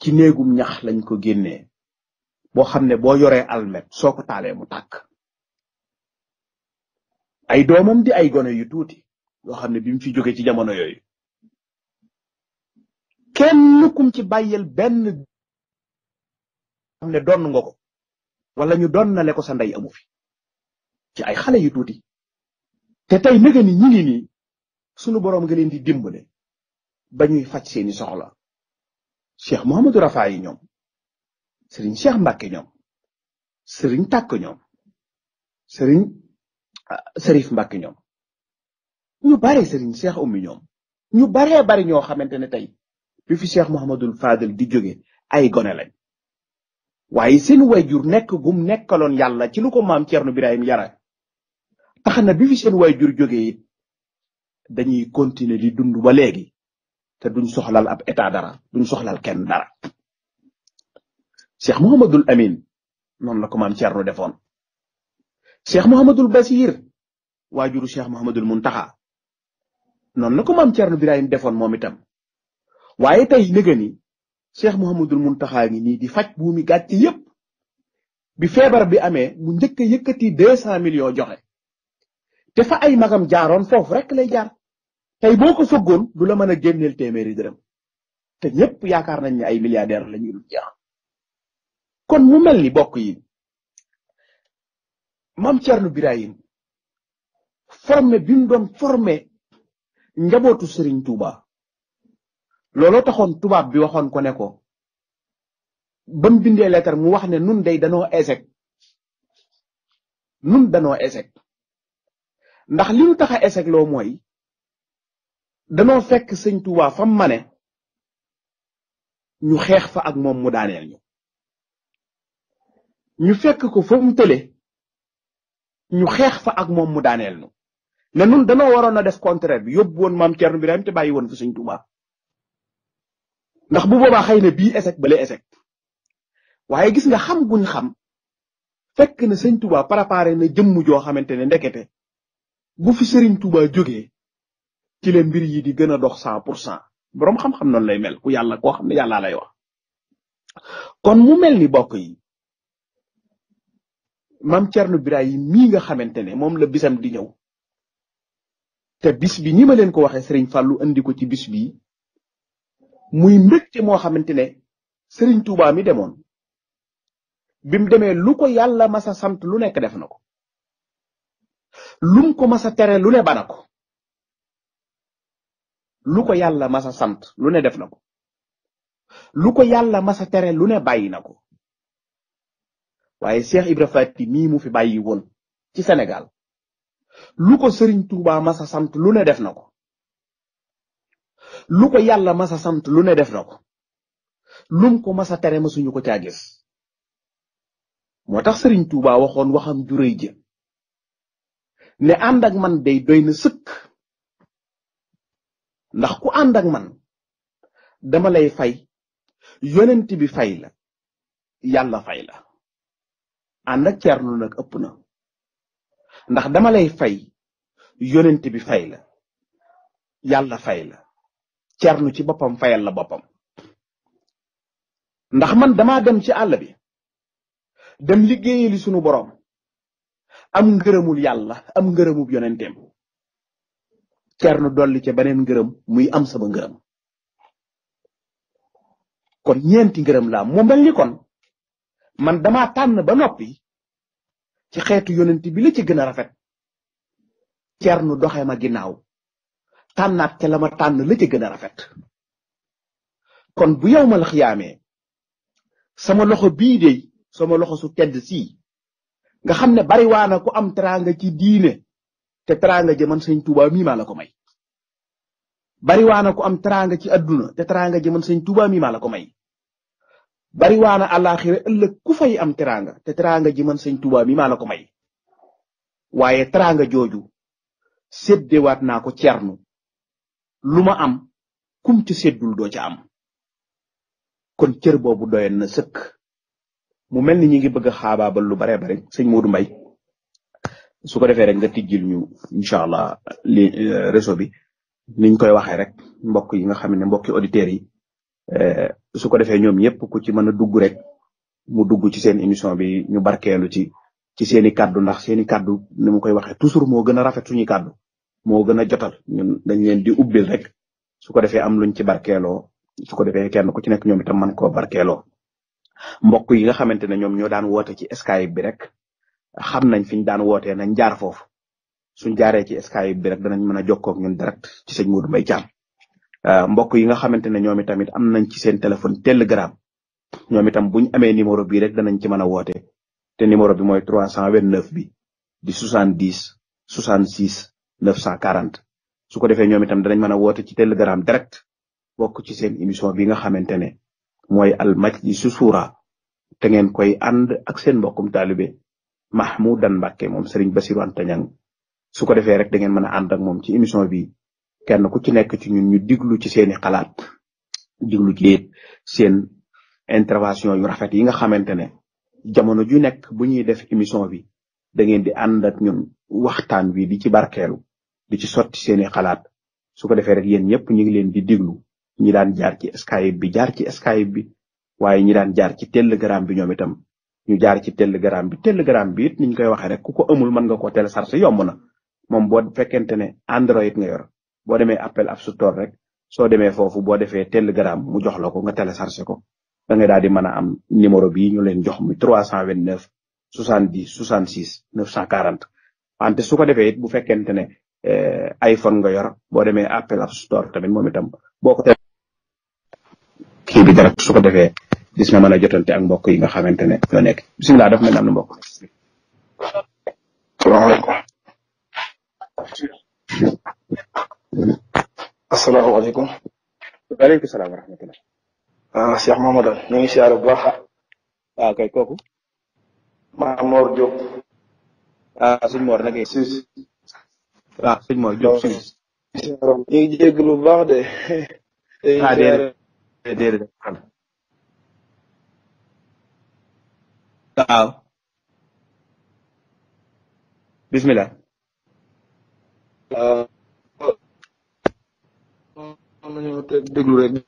ci néegum ñax lañ ko génnee boo xam ne boo yoree almet soo ko taalee mu tàkk ay doomam di ay gone yu tuuti yoo xam ne bi mu fi jóge ci jamono yooyu kenn kum ci bàyyel benn xam ne donn nga ko wala ñu doon nale ko sa ndey amu fi ci ay xale yu tuuti te tey nëga ni ñi ngi nii sunu boroom nga leen di dimbale بني فاتشيني صغلا شيخ محمد رفعي نيوم سرين شيخ مباكي نيوم سرين تاكو نيوم سرين سريف مباكي نيوم نيو باري سرين شيخ أمي نيوم نيو باري باري نيو خامن تنتاي بيفي شيخ محمد الفادل دي جوغي أي غنالين waaye seen waajur nekk gum nekkaloon yàlla ci lu ko maam ceerno birahim yara tax na bi fi seen waajur jógee it dañuy continuer di dund te duñ ab état dara duñ soxlaal kenn dara cheikh amin non la ko maam ceerno defoon cheikh basir waajuru cheikh mohamadul Muntaha non la ko maam ceerno birahim defoon moom itam waaye tey cheikh di fak bumi gàcc yépp bi feebar bi amee mu njëkk a millions fa ay magam jaaroon foofu rek lay jaar tey boo ko fëggoon du la mën a génneel téeméeri dërëm te ñëpp yaakaar nañ ne ay milliardaire la ñu dul jeex kon mu mel ni bokk yi maam Thierno Birahim formé bi mu doon forme njabootu Serigne Touba looloo taxoon tubaab bi waxoon ko ne ko ba mu bindee lettre mu wax ne nu day danoo échec nu danoo échec ndax li ñu tax a échec loo mooy. danoo fekk sëñ Tuubaa fam ma ne ñu fa ak moom mu daaneel ñu ñu fekk ko fa mu tële ñu xeex fa ak moom mu daaneel ñu ne nun danoo waroon a def contraire bi yóbbu woon maam Cerno Birahim te bàyyi woon fi sëñ Tuubaa ndax bu boobaa xëy na bii échec bale échec waaye gis nga xam guñ xam fekk na sëñ Tuubaa préparé na jëmm joo xamante ne ndekete bu fi sëriñ Tuubaa jógee ci la mbir yi di gën a dox cent pour cent boroom xam-xam noonu lay mel ku yàlla ko xam ne yàllaa lay wax kon mu mel ni bokk yi maam Thierno Biraye mii nga xamante ne moom la bisam di ñëw te bis bi ni ma leen ko waxee Serigne Fallou andi ko ci bis bii muy mbégte moo xamante ne Serigne tuuba mi demoon bim demee lu ko yàlla masa sant lu nekk def na ko lum ko masa tere lu ne bana ko lu ko yàlla masa sant lu ne def na ko lu ko yàlla masa tere lu ne bàyyi na ko waaye Cheikh Ibra Fati mii mu fi bàyyi woon ci senegal lu ko Serigne Touba masa sant lu ne def na ko lu ko yàlla masa sant lu ne def na ko lum ko masa tere masuñu ko caa moo tax Serigne tuuba waxoon waxam juróy jë ne ànd man day doy na sëkk ndax ku ànd man dama lay fay yonenti bi fay la yàlla fay la ànd ak Ceerno ëpp na ndax dama lay fay yonent bi fay la yàlla fay la Ceerno ci boppam fayal la boppam ndax man dama dem ci àll bi dem liggéeyali sunu boroom am ngërëmul yàlla am ngërëmub yonenteem Cerno dolli ca beneen ngërëm muy am sama ngërëm kon ñeenti ngërëm laa mu mel ni kon man dama tànn ba noppi ci xeetu yonent bi la ci gën a rafet Cerno doxe ma ginnaaw tànnaat ca la ma tànn la ci gën a rafet kon bu yow ma la sama loxo bii de sama loxo su tedd sii nga xam ne bari waa na ku am teraanga ci diine te teraanga ja man sëñ Tuubaa mii maa la ko may bari waana ku am teraanga ci adduna te teraanga ja man sëñ Tuubaa mii maa ko may bari waana àllaaxira ëllëg ku fay am teraanga te teraanga ji man sëñ Tuubaa mii maa la ko may waaye teraanga jooju séddewaat naa ko cernu lu ma am kum ci séddul doo ca am kon cër boobu doyoon na sëkk mu mel ni ñi ngi bëgg a xaabaabal lu bare bare sëñ Modou Mbaye su ko defee rek nga tijjil ñu incha allah li euh, réseau bi niñ koy waxee rek mbokk yi nga xam ne mbokki auditeurs yi euh, su ko defee ñoom ñëpp ku ci mën a dugg rek mu dugg ci seen émission bi ñu barkelu ci ci seen i kaddu ndax seeni i kaddu ni mu koy waxee toujours moo gën a rafet suñuy kaddu moo gën a jotal ñun dañ leen di ubbil rek su ko defee am luñ ci barkeeloo su ko defee kenn ku ci nekk ñoom itam mën koo barkeeloo mbokk yi nga xamante ne ñoom ñoo daan woote ci Skype bi rek xam nañ fi ñu daan wootee nañ jaar foofu suñ jaaree ci Skype bi rek danañ mën a jokkoo ak ñun direct ci sëñ Modou Mbaye Thiam euh, mbokk yi nga xamante ne ñoom itamit am nañ ci seen téléphone telegram ñoom itam buñ amee numéro bii rek danañ ci mën a woote te numéro bi mooy trois cent vingt neuf bi di soixante dix soixante six neuf cent quarante su ko defee ñoom itam danañ mën a woote ci telegram direct bokk ci seen émission bi nga xamante ne mooy al majlisu suura te ngeen koy ànd ak seen mbokkum taalibe mahmoudan dan moom sering basiru antañang su ko dengan rek da ngeen mëna and ak mom ci émission bi kenn ku ci nekk ci ñun ñu diglu ci seeni xalaat diglu ci seen intervention yu rafet yi nga xamantene jamono ju nekk bu ñuy def émission bi da ngeen di and ak ñun waxtaan wi di ci barkelu di ci sotti seeni xalaat su ko defee rek yeen ñepp ñi ngi leen di diglu ñi daan jaar ci skype bi jaar ci skype bi waaye ñi daan jaar ci telegram bi ñoom itam ñu jaar ci tell telegram bi telegram bi it niñ koy waxee rek ku ko amul mën nga koo télécharger yomb na moom boo fekkente ne Android nga yor boo demee Apple App Store rek soo demee foofu boo defee telegram mu jox la ko nga télécharger ko da nga daal di mën a am numéro bii ñu leen jox mi 329 70 66 940 wante su ko defee it bu fekkente ne eh, iPhone nga yor boo demee Apple App Store tamit moom itam boo ko kii bi su ko defee dis na mën a jotante ak mbokk yi nga xamante ne ñoo nekk bisimilah daf mel am na mbokk.
salaam wa rahmatulah. ah Cheikh Mamadan ñu ngi siyaare bu baax. waaw ah, kay kooku. maa Mor Diop. ah suñ Mor nag.
suuf waaw lu baax de. ah déedéet déedéet. waaw bismillah am nañu teg déglu rek moom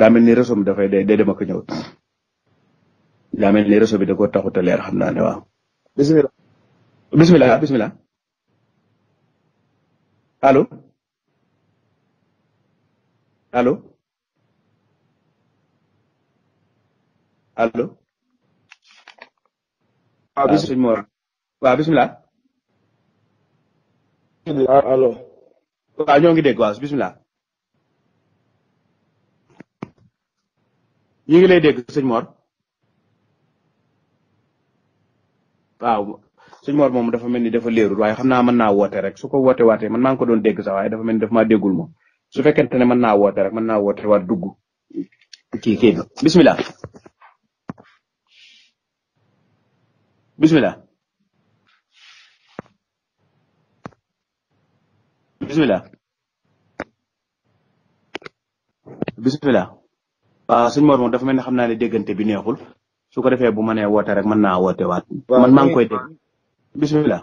daa mel ni réseau bi dafay day day dem ak mel ni réseau bi da ko taxut a leer xam naa ne waaw bismillah bismillah bismillah Halo? Halo? Halo? Habis semua. Wah, habis mila. Halo. Kok ayo ngide gua, habis mila. ngi lay dégg sëñ Wow. sëñ Mor moom dafa mel ni dafa leerul waaye xam naa mën naa woote rek su woote waatee man maa ngi ko doon dégg sax waaye dafa mel ni dafa maa déggul moom su fekkente ne mën naa woote rek mën naa woote waat dugg kii kii bisimilah bisimilah bisimilah bisimilah waaw sëñ Mor moom dafa mel ni xam naa ne déggante bi neexul su ko defee bu ma woote rek mën naa woote waat man maa ngi koy dégg bisimilah.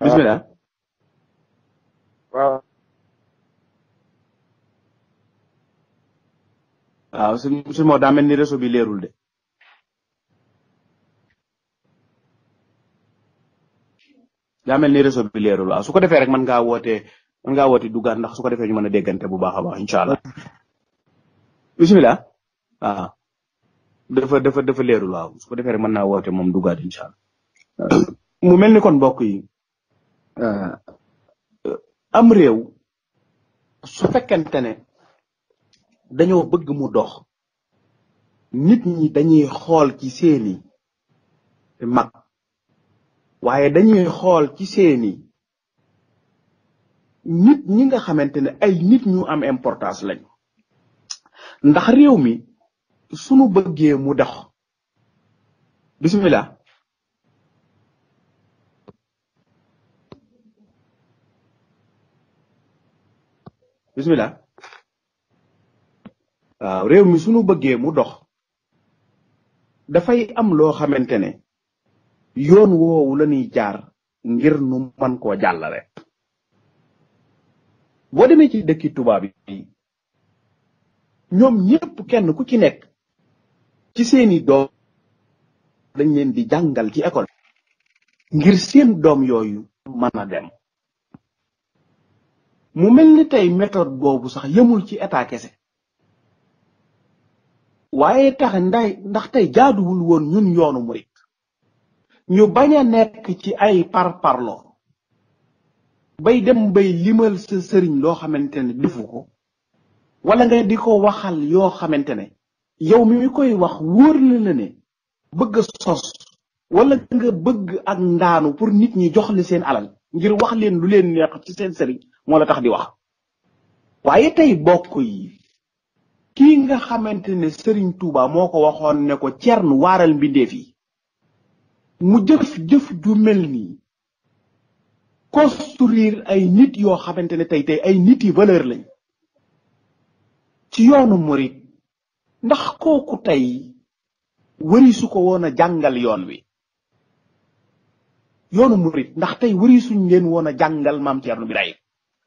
bisimilah. waaw. waaw su su moo daa mel ni réseau bi leerul de. daa mel ni réseau bi leerul waaw su ko defee rek mën ngaa wootee mën ngaa woote duggaat ndax su ko defee ñu man a déggante bu baax a baax incha allah bisimilah. waaw ah. dafa dafa dafa leerul waaw su ko defee rek mën naa woote moom duggaat incha allah ah, mu mel ni kon mbokk yi ah, am réew su fekkente ne dañoo bëgg mu dox nit ñi dañuy xool ci seeni mag waaye dañuy xool ci seeni nit ñi nga xamante ne ay nit ñu am importance lañ ndax réew mi sunu bëggee mu dox bisimilah. bisimilah waaw réew mi sunu bëggee mu dox dafay am loo xamante ne yoon woowu la ñuy jaar ngir nu man koo jàllare boo demee ci dëkki tubaab ñoom ñëpp kenn ku ci nekk ci seeni doom dañ leen di jàngal ci école ngir seen doom yooyu mën a dem mu mel ni tey méthode boobu sax yëmul ci état kese waaye tax ndax tey jaaduwul woon ñun yoonu murit ñu bañ a nekk ci ay par parloo bay dem bay limal sa sëriñ loo xamante ne defu ko walla nga di ko waxal yoo xamante ne yow mi koy wax wóor la ne bëgg sos wala nga bëgg ak ndaanu pour nit ñi jox li seen alal ngir wax leen lu leen neex ci seen sëriñ moo la tax di wax waaye tey bokk yi kii nga xamante ne sëriñ Tuuba moo ko waxoon ne ko cern waaral mbindeef yi mu jëf jëf ju mel nii construire ay nit yoo xamante ne tey tey ay nit yi valeur lañ ci yoonu murit ndax kooku tey wërisu ko woon a jàngal yoon wi yoonu murit ndax tey wërisuñ leen woon a jàngal maam ceernu bi day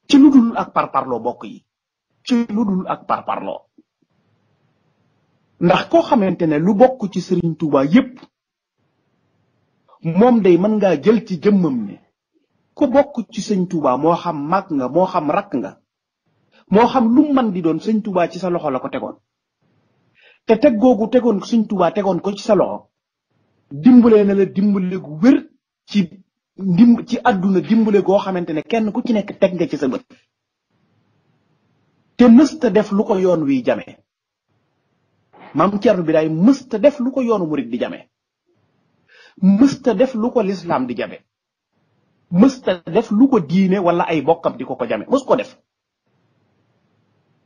ci lu dul ak parparloo bokk yi ci lu dul ak parparloo ndax koo xamante ne lu bokk ci sëriñ tuuba yépp moom day mën ngaa jël ci jëmmam ne ko bokk ci sëñ tuuba moo xam mag nga moo xam rakk nga moo xam lu man di doon sëñ tuuba ci sa loxo la ko tegoon te teg googu tegoon suñ tubaa tegoon ko ci sa loxo dimbalee na la dimbale gu wér ci ndim ci àdduna dimbale goo xamante ne kenn ku ci nekk teg nga ci sa te mësta def lu ko yoon wi jame maam Cerno Biraay mësta def lu ko yoonu murit di jame mësta def lu ko lislaam di jame mësta def lu ko diine wala ay bokkam di ko ko jame mës ko def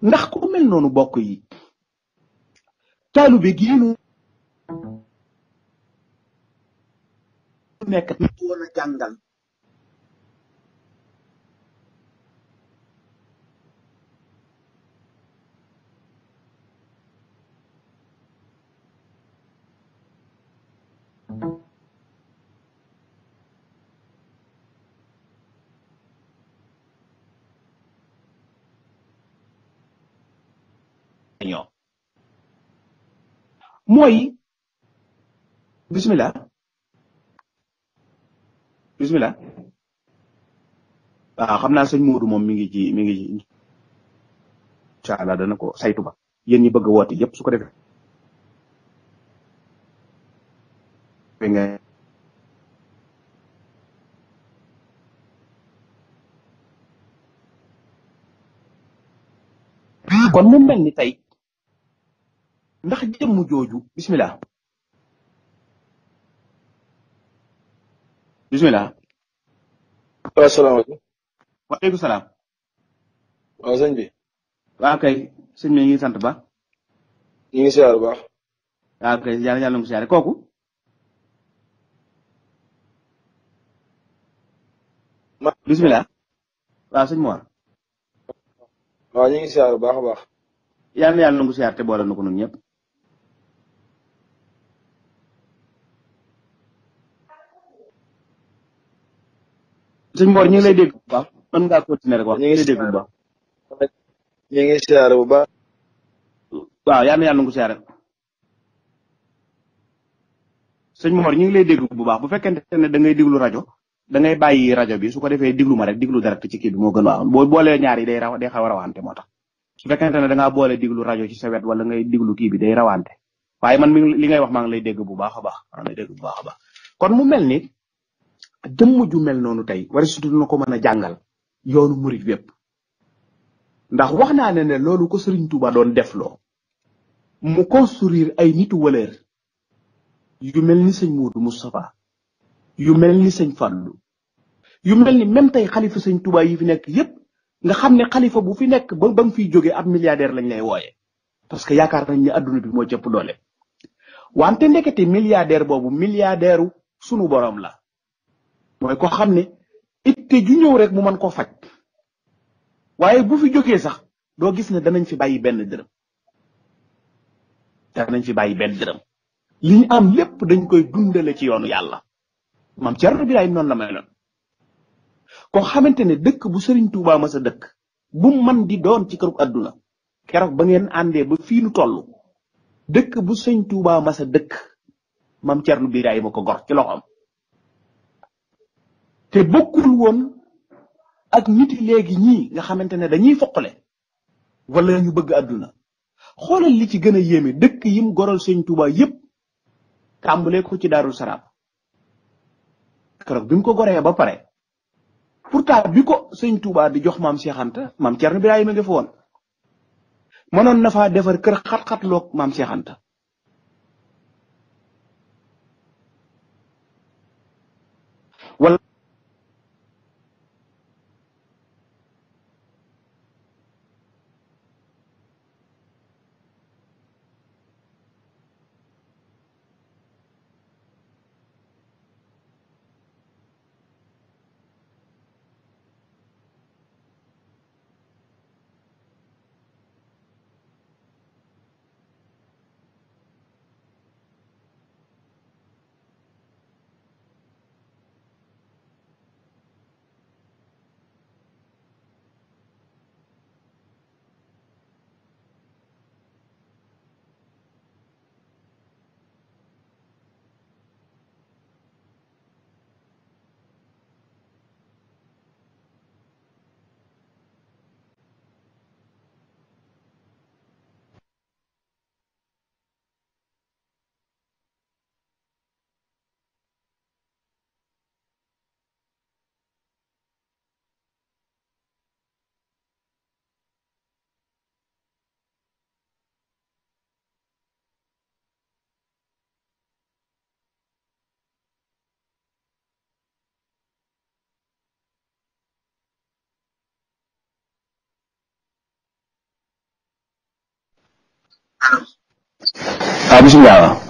ndax ku mel noonu bokk yi kaalu begiinu nekk woon a jàngal thank you mooy bismillah bismillah waaw xam naa sëñ Moodu moom mi ngi ci mi ngi ci incha allah dana ko saytu ba yéen ñi bëgg a woote yëpp su ko defee nga kon mu mel ni tey ndax jëmm jooju bismillah bismillah waaw salaamaaleykum bi waaw kay sëñ bi ñu ngi sant ba ñu ngi siyaar baax waaw kay yàlla yàlla ngi siyaare kooku bismillah waaw sëñ Mor waaw ñu ngi siyaar bu baax a baax yàlla yàlla ngi siyaar te boole na ko ñun ñëpp seigne mor ñu lay dégg bu baax mën ngaa continuer rek wax ñu ngi dégg bu baax ñu ngi bu baax waaw yàlla yàlla ngu siyaare suñ mbor ñu lay dégg bu baax bu fekkente ne da ngay déglu rajo da ngay bàyyi rajo bi su ko defee déglu ma rek déglu direct ci kii bi moo gën waaw ñaar yi day raw day xaw rawante moo tax su man li ngay wax maa ngi lay dégg jëmm ju mel nonu tay wari su na jangal mën a yoonu murit wépp ndax waxna naa ne ne loolu ko serigne touba doon defloo mu construire ay nitu wëlër yu melni ni Modou mustapha yu melni serigne fallu yu melni même tay khalifa serigne touba yi fi nek yépp nga xam khalifa bu fi nek ba bang fi ab milliardaire lañ lay woyé parce que yaakaar nañ ni aduna bi mo jëpp doole wante ndekete milliardaire bobu milliardaire sunu borom la moy ko xamne ité ju ñew rek mu man ko fajj waye bu fi jógee sax do gis ne danañ fi bàyyi benn dërëm danañ fi bayyi ben dërëm li ñu am lepp dañ koy dundale ci yoonu mam ci rabbi lay non la non ko xamantene dekk bu Serigne Touba ma sa dekk bu man di doon ci këru aduna kérok ba ngeen andé ba fi ñu tollu dekk bu serigne Touba ma sa dekk mam ci rabbi lay ko gor ci loxom te bokkul woon ak nit léegi ñii nga xamante ne dañuy foqale walla ñu bëgg àdduna xoolal li ci gën a yéeme dëkk yim goral sëñ Tuuba yépp tàmbalee ko ci daarul saraab keroog bi mu ko goree ba pare pourtant bi ko sëñ Tuuba di jox maam Cheikh Anta maam Cerno Birahima nga fo woon mënoon nafa defar kër xat-xatloog maam Cheikh Anta wala
啊，不许讲了。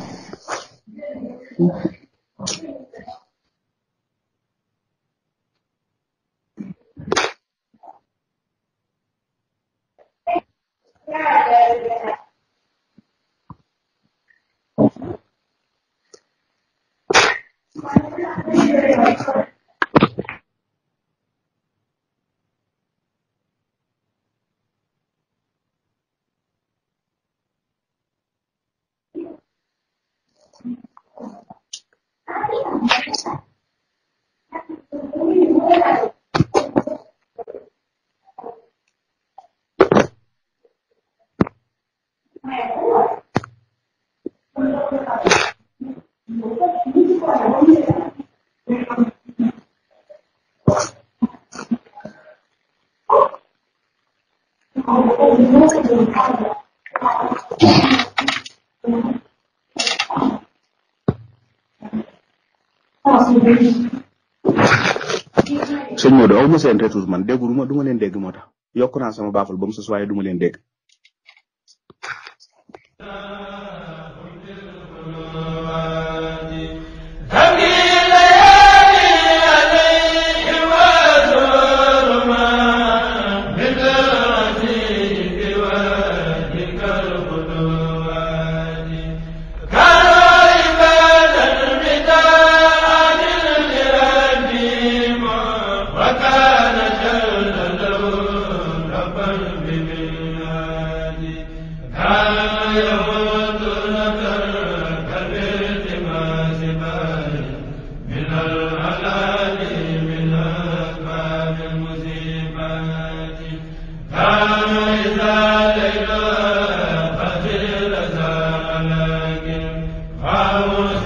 aw ma
seen retour man dégguma du ma leen dégg moo tax sama baafal ba mu sos waaye du ma leen dégg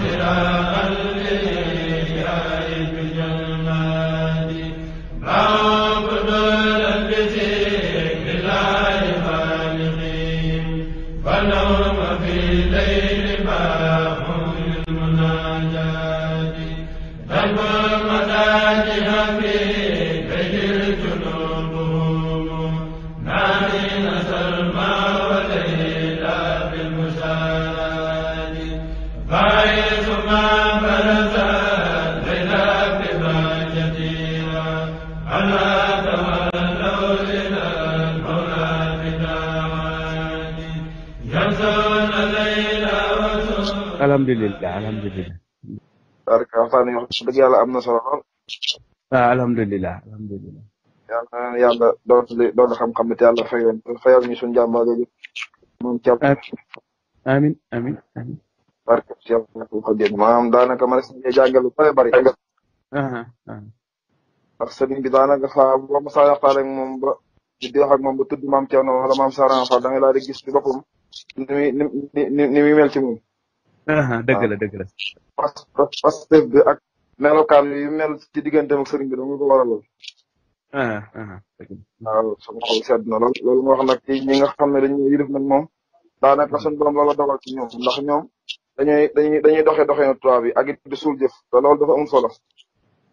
I. alhamdulilah alhamdulilah.
parce que Alfane yi yàlla am na solo lool.
waaw alhamdulilah alhamdulilah.
yàlla yàlla dootali dootali xam-xam te yàlla fayoon fayal ñu suñu jàmbaar yooyu. ko génn ma ne si ñuy jàngal lu bëri bëri. ndax sëriñ ma saa yaqaale ak moom ba di wax ak moom ba tudd maam Thierno wala maam Sarr Fall da ngay daal di gis ci boppam. ni muy ni ni ni muy moom.
dëgg la ah. dëgg la.
parce Pastef bi ak melokaan yu mel ci digganteem ak sëriñ bi dama ko waraloon. waaw sama xol sedd lool loolu nga wax nag nga xam ne dañuy yilif nag moom daanaka suñu borom loola dogal ci ñoom ndax ñoom dañuy dañuy dañuy doxee doxee tubaab bi ak it di suul jëf te dafa am solo. parce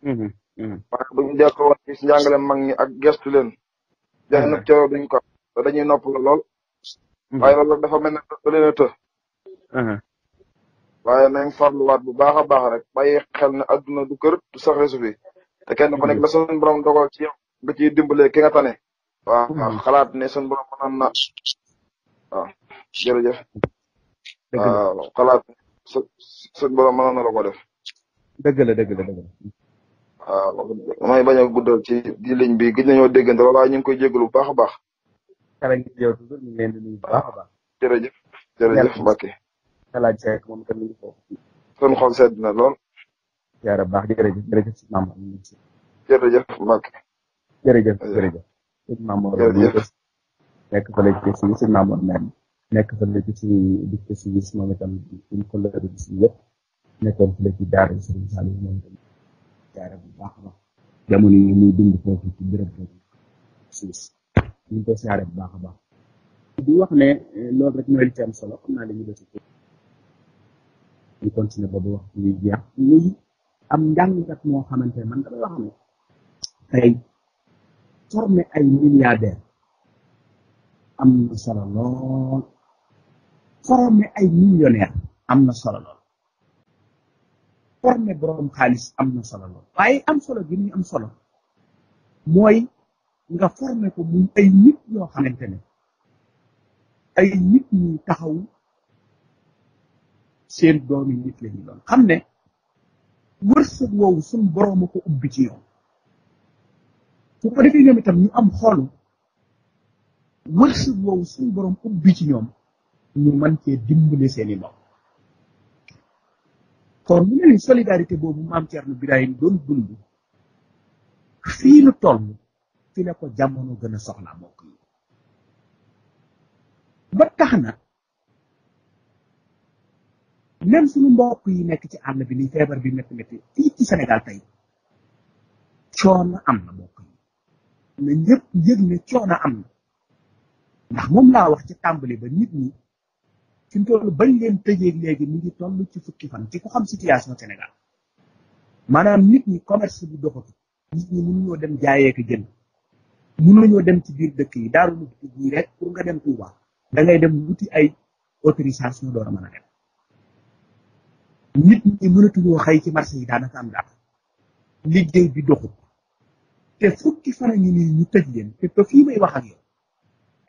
mhm, mhm.
que bu ñu delloo woon mag ñi ak gestu leen. jaay nag coono duñ ko dañuy nopp la lool. Mhm. waaye loolu dafa mel ne të. waye nañ farlu wat bu baaxa baax rek baye xel ne adduna du keur du sax resu fi te kenn ko nek la sun borom dogal ci yow nga ci dimbalé ki nga tané wa hmm. xalaat ne sun borom mënoon na waaw jërëjëf waaw xalaat sun borom mënoon na la ko def
deug la deug la deug
la wa may baña guddal ci di liñ bi gëj nañoo déggante wala ñu ngi koy jéglu baaxa baax a baax.
kanam yow toujours ñu ngi leen di nuyu baax
jere jef jere jef Mbacke
laajte moom itam li ñu ko
sun xol sedd na lool jaara baax jërëjëf jërëjëf si maam jërëjëf Mbacke
jërëjëf jërëjëf sëñ Mamour nekk fële ci si sëñ Mamour meen nekk fële ci si dikk si gis moom itam suñ ko lëru si yëpp nekkoon fële ci daara sëriñ Saliou moom itam
jaara bu baax la
jamono yi muy dund foofu ci bërëb boobu siis ñu ko siyaare bu baax a baax di wax ne loolu rek mooy ci am solo xam naa dañu desi di continuer ba ba wax ñuy jeex léegi am njàngkat moo xamante man damay wax ne tey former ay milliardaire am solo lool former ay millionnaire am na solo lool former borom xaalis am na solo lool waaye am solo gi muy am solo mooy nga former ko muy ay nit yoo xamante ne ay nit ñuy taxaw seen doomi nit la ñu doon xam ne wërsëg woowu suñ boroom ko ubbi ci ñoom itam ñu am xolu wërsëg woowu ubbi ci ñoom ñu mën cee seeni mbokk kon mu ne ni solidarité boobu maam Thierno Birahim doon dund fii lu toll fi la ko jamono gën a soxla mbokk yi ba tax na même suñu mbokk yi nekk ci àll bi nii feebar bi métti métti fii ci Sénégal tey coono am na mbokk yi na ñëpp yëg ne coono am na ndax moom laa wax ci tàmbali ba nit ñi fi mu toll bañ leen tëjee léegi mi ngi toll ci fukki fan ci ku xam situation Sénégal maanaam nit ñi commerce bi doxatu nit ñi mënuñoo dem jaayee ko jënd mënuñoo dem ci biir dëkk yi daaru dugg yi rek pour nga dem Touba da dem wuti ay autorisation door a mën a dem. nit ñi mënatuñoo xëy ci marché yi daanaka am daal liggéey bi doxut te fukki fan ngi nii ñu tëj leen te ba fii may wax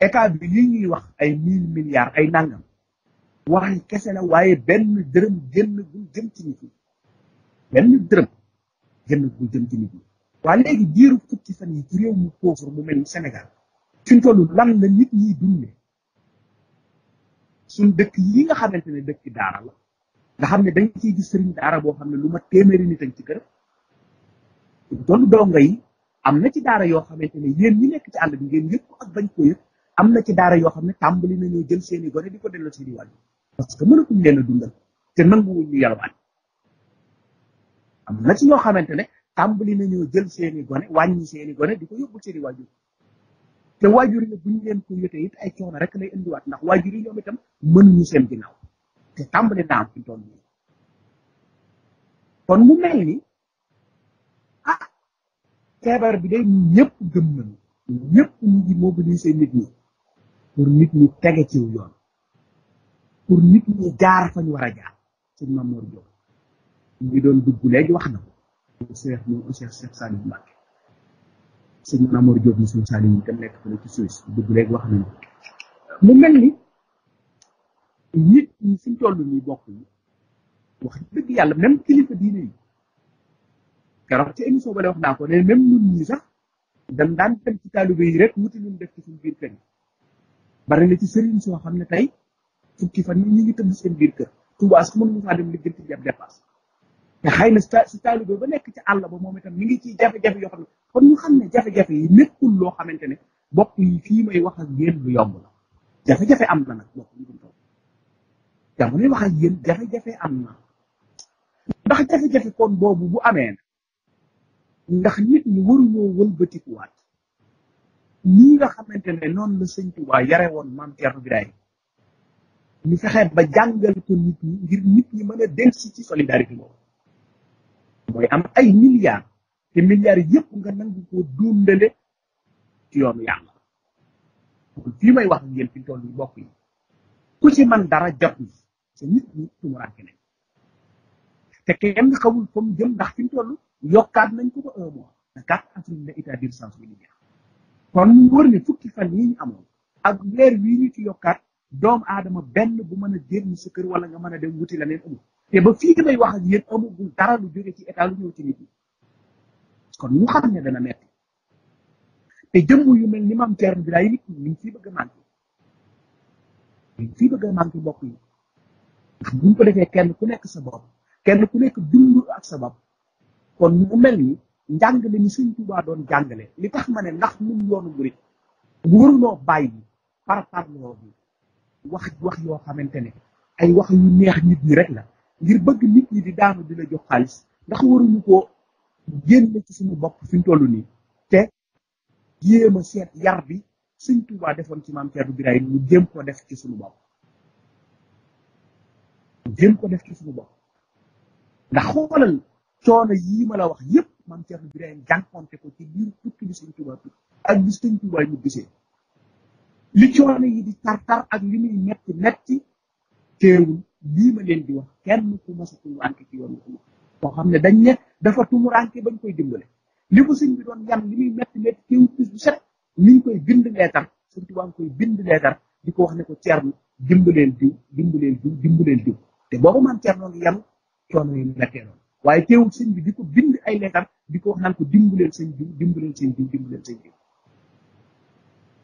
ak bi li ñuy wax ay mille milliards ay nangam wax kese la waaye benn dërëm génn gul jëm ci nit ñi benn dërëm ci nit ñi waa léegi diiru fukki fan yi ci réew mu pauvre mu mel ni Sénégal fi lan la nit ñiy dunde suñ dëkk yi nga xamante ne dëkk daara nga xam ne dañ ci gis sëriñ daara boo xam ne lu ma téeméeri nit ci kër doon donga yi am na ci daara yoo xamante ne yéen ñi nekk ci àll bi ngeen yëg ak bañ ko yëg am na ci daara yoo xam ne tàmbali nañoo jël seeni gone di ko delloo seeni wàll parce que mënatuñ leen a dundal te nanguwuñ ñu am na ñoo xamante ne tàmbali nañoo jël seeni gone wàññi seeni gone di ko yóbbul seeni waajur te waajur yi buñ leen ko yotee it ay coono rek lay indiwaat ndax waajur yi ñoom itam mënuñu seen te tàmbali na fi doon nii kon mu mel ni ah febar bi day ñepp gëm na ñepp ñu ngi mobiliser nit ñi pour nit ñi tege ci yoon pour nit ñi jaar fa ñu war a jaar sëñ Mamour Diop ñu ngi doon dugg léegi wax na Cheikh mo Cheikh Cheikh salim mak sëñ Mamour Diop mu sëñ Saliou itam nekk fële ci Suisse dugg léegi wax na mu mel ni nit ñi suñ toll nii bokk yi wax dëgg yàlla même kilifa diine ci émission ba la wax naa ko ne même ñun ñi sax dañ daan dem ci taalibe yi rek wuti ñun def ci suñ biir kër yi bari na ci sëriñ soo xam ne tey fukki fan ñu ngi tëdd seen biir kër tubaas ku mënu faa dem liggéey ci ab dépasse te xëy na si taalibe ba nekk ci àll ba moom itam mi ngi ci jafe-jafe yoo xam ne kon ñu xam ne jafe-jafe yi nekkul loo xamante ne bokk yi fi may wax ak yéen lu yomb la jafe-jafe am na nag bokk yi duñ toog jamono wax ak yéen jafe-jafe am na ndax jafe-jafe kon boobu bu amee ndax nit ñi waruñoo wëlbatikuwaat ñii nga xamante ne noonu la sëñ Tuubaa yare woon maam Thierno Birahim ñu fexe ba jàngal ko nit ñi ngir nit ñi mën a dellusi ci solidarité boobu mooy am ay milliards te milliards yëpp nga nangu koo dundale ci yoonu yàlla fii may wax ak yéen fi toll bokk yi ku ci man dara jot ni te nit ñi tumuraanke nañ te kenn xamul fa mu jëm ndax fi mu toll yokkaat nañ ko ba un mois le 4 avril la état d'urgence bi ñu jeex kon wër ne fukki fan yii benn bu mën a génn sa kër wala nga mën a dem wuti la neen amul te ak yéen amagul dara lu jóge ci kon ñu xam ne dana metti yu mel ni maam Thierno Birahim yi nit ñi ñu ngi ciy bëgg a manqué ñu yi. bu ñu ko defee kenn ku nekk sa bopp kenn ku nekk dund ak sa bopp kon mu mel ni njàngale ni sëñ Tuubaa doon jàngale li tax ma ne ndax ñun yoonu murit warunoo bàyyi par parloo bi wax wax yoo xamante ne ay wax yu neex nit ñi rek la ngir bëgg nit ñi di daanu di la jox xaalis ndax waruñu koo génne ci suñu bopp fi ñu toll nii te jéem a seet yar bi sëñ Tuubaa defoon ci maam Cerno Birahim mu jéem ko def ci suñu bopp jéem ko def ci suñu bopp ndax xoolal coono yii ma la wax yépp maam Thierno Birahim jànkonte ko ci biir tukki bi sëñ Tuubaa tukki ak bi sëñ Tuubaa ñu gisee li coono yi di tar-tar ak li muy metti metti teewul lii ma leen di wax kenn ku mas a ci yoon wi koo xam ne dañ ne dafa tumuranke bañ koy dimbale li ko sëñ bi doon yan li muy metti metti teewul bu set mi ngi koy bind leetar sëñ Tuubaa ngi koy bind leetar di ko wax ne ko Thierno dimbaleel diw dimbaleel diw dimbaleel diw te boobu maam Thierno ngi yem coono yu mettee noonu waaye teewul sëñ bi di ko bind ay leetar di ko wax naan ko dimbaleel sëñ diw dimbaleel sëñ diw dimbaleel sëñ diw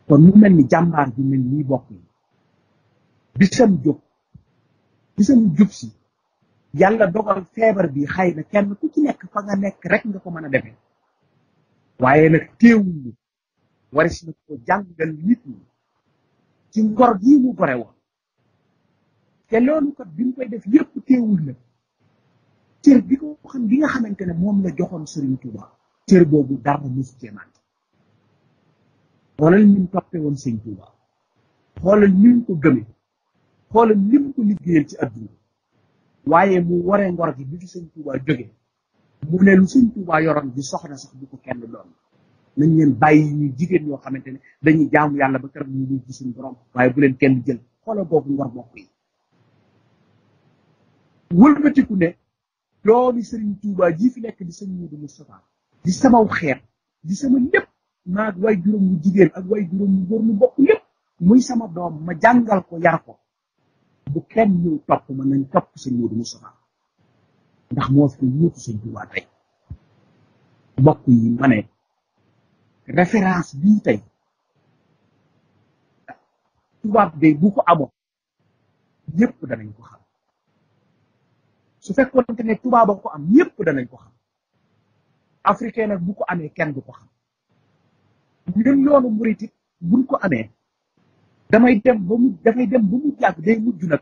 kon mu mel ni jàmbaar ju mel nii bokk yi bisam jub si yàlla dogal feebar bi xëy na kenn ku ci nekk fa nga nekk rek nga ko mën a defee waaye nag teewul waris na ko jàngal nit ñi ci ngor gii mu gore te loolu kat bi mu koy def yépp teewul la cër bi ko xam nga xamante moom la joxoon Serigne Touba cër boobu dara mosu cee manqué xoolal ni mu toppee woon Serigne Touba xoolal ni mu ko gëmee xoolal ni mu ko liggéeyal ci adduna waaye mu waree ngor gi bi fi Serigne Touba jógee mu ne lu Serigne Touba yoroon di soxna sax bu ko kenn doon nañ leen bàyyi ñu jigéen ñoo xamante ne dañuy jaamu yàlla ba keroog ñu ngi ci suñu borom waaye bu leen kenn jël xoolal boobu ngor bokk yi. wëlbatiku ne doomi sëriñ Touba ji fi nekk di sëñ Muudu Moustapha di samaw xeer di sama lépp maag way juróom mu jigéen ak way juróom mu góor mu bokk lépp muy sama doom ma jàngal ko yar ko bu kenn ñëw topp ma nañ topp sëñ Muudu Moustapha ndax moo fi ñëpp sëñ Touba tey mbokk yi ma ne référence bii tey tubaab de bu ko amoon ñëpp danañ ko xam su fekkoonte ne tubaab ba ko am ñëpp danañ ko xam africain nag bu ko amee kenn du ko xam ñun yoonu murit it buñ ko amee damay dem ba mu dafay dem ba mu jàgg day mujj nag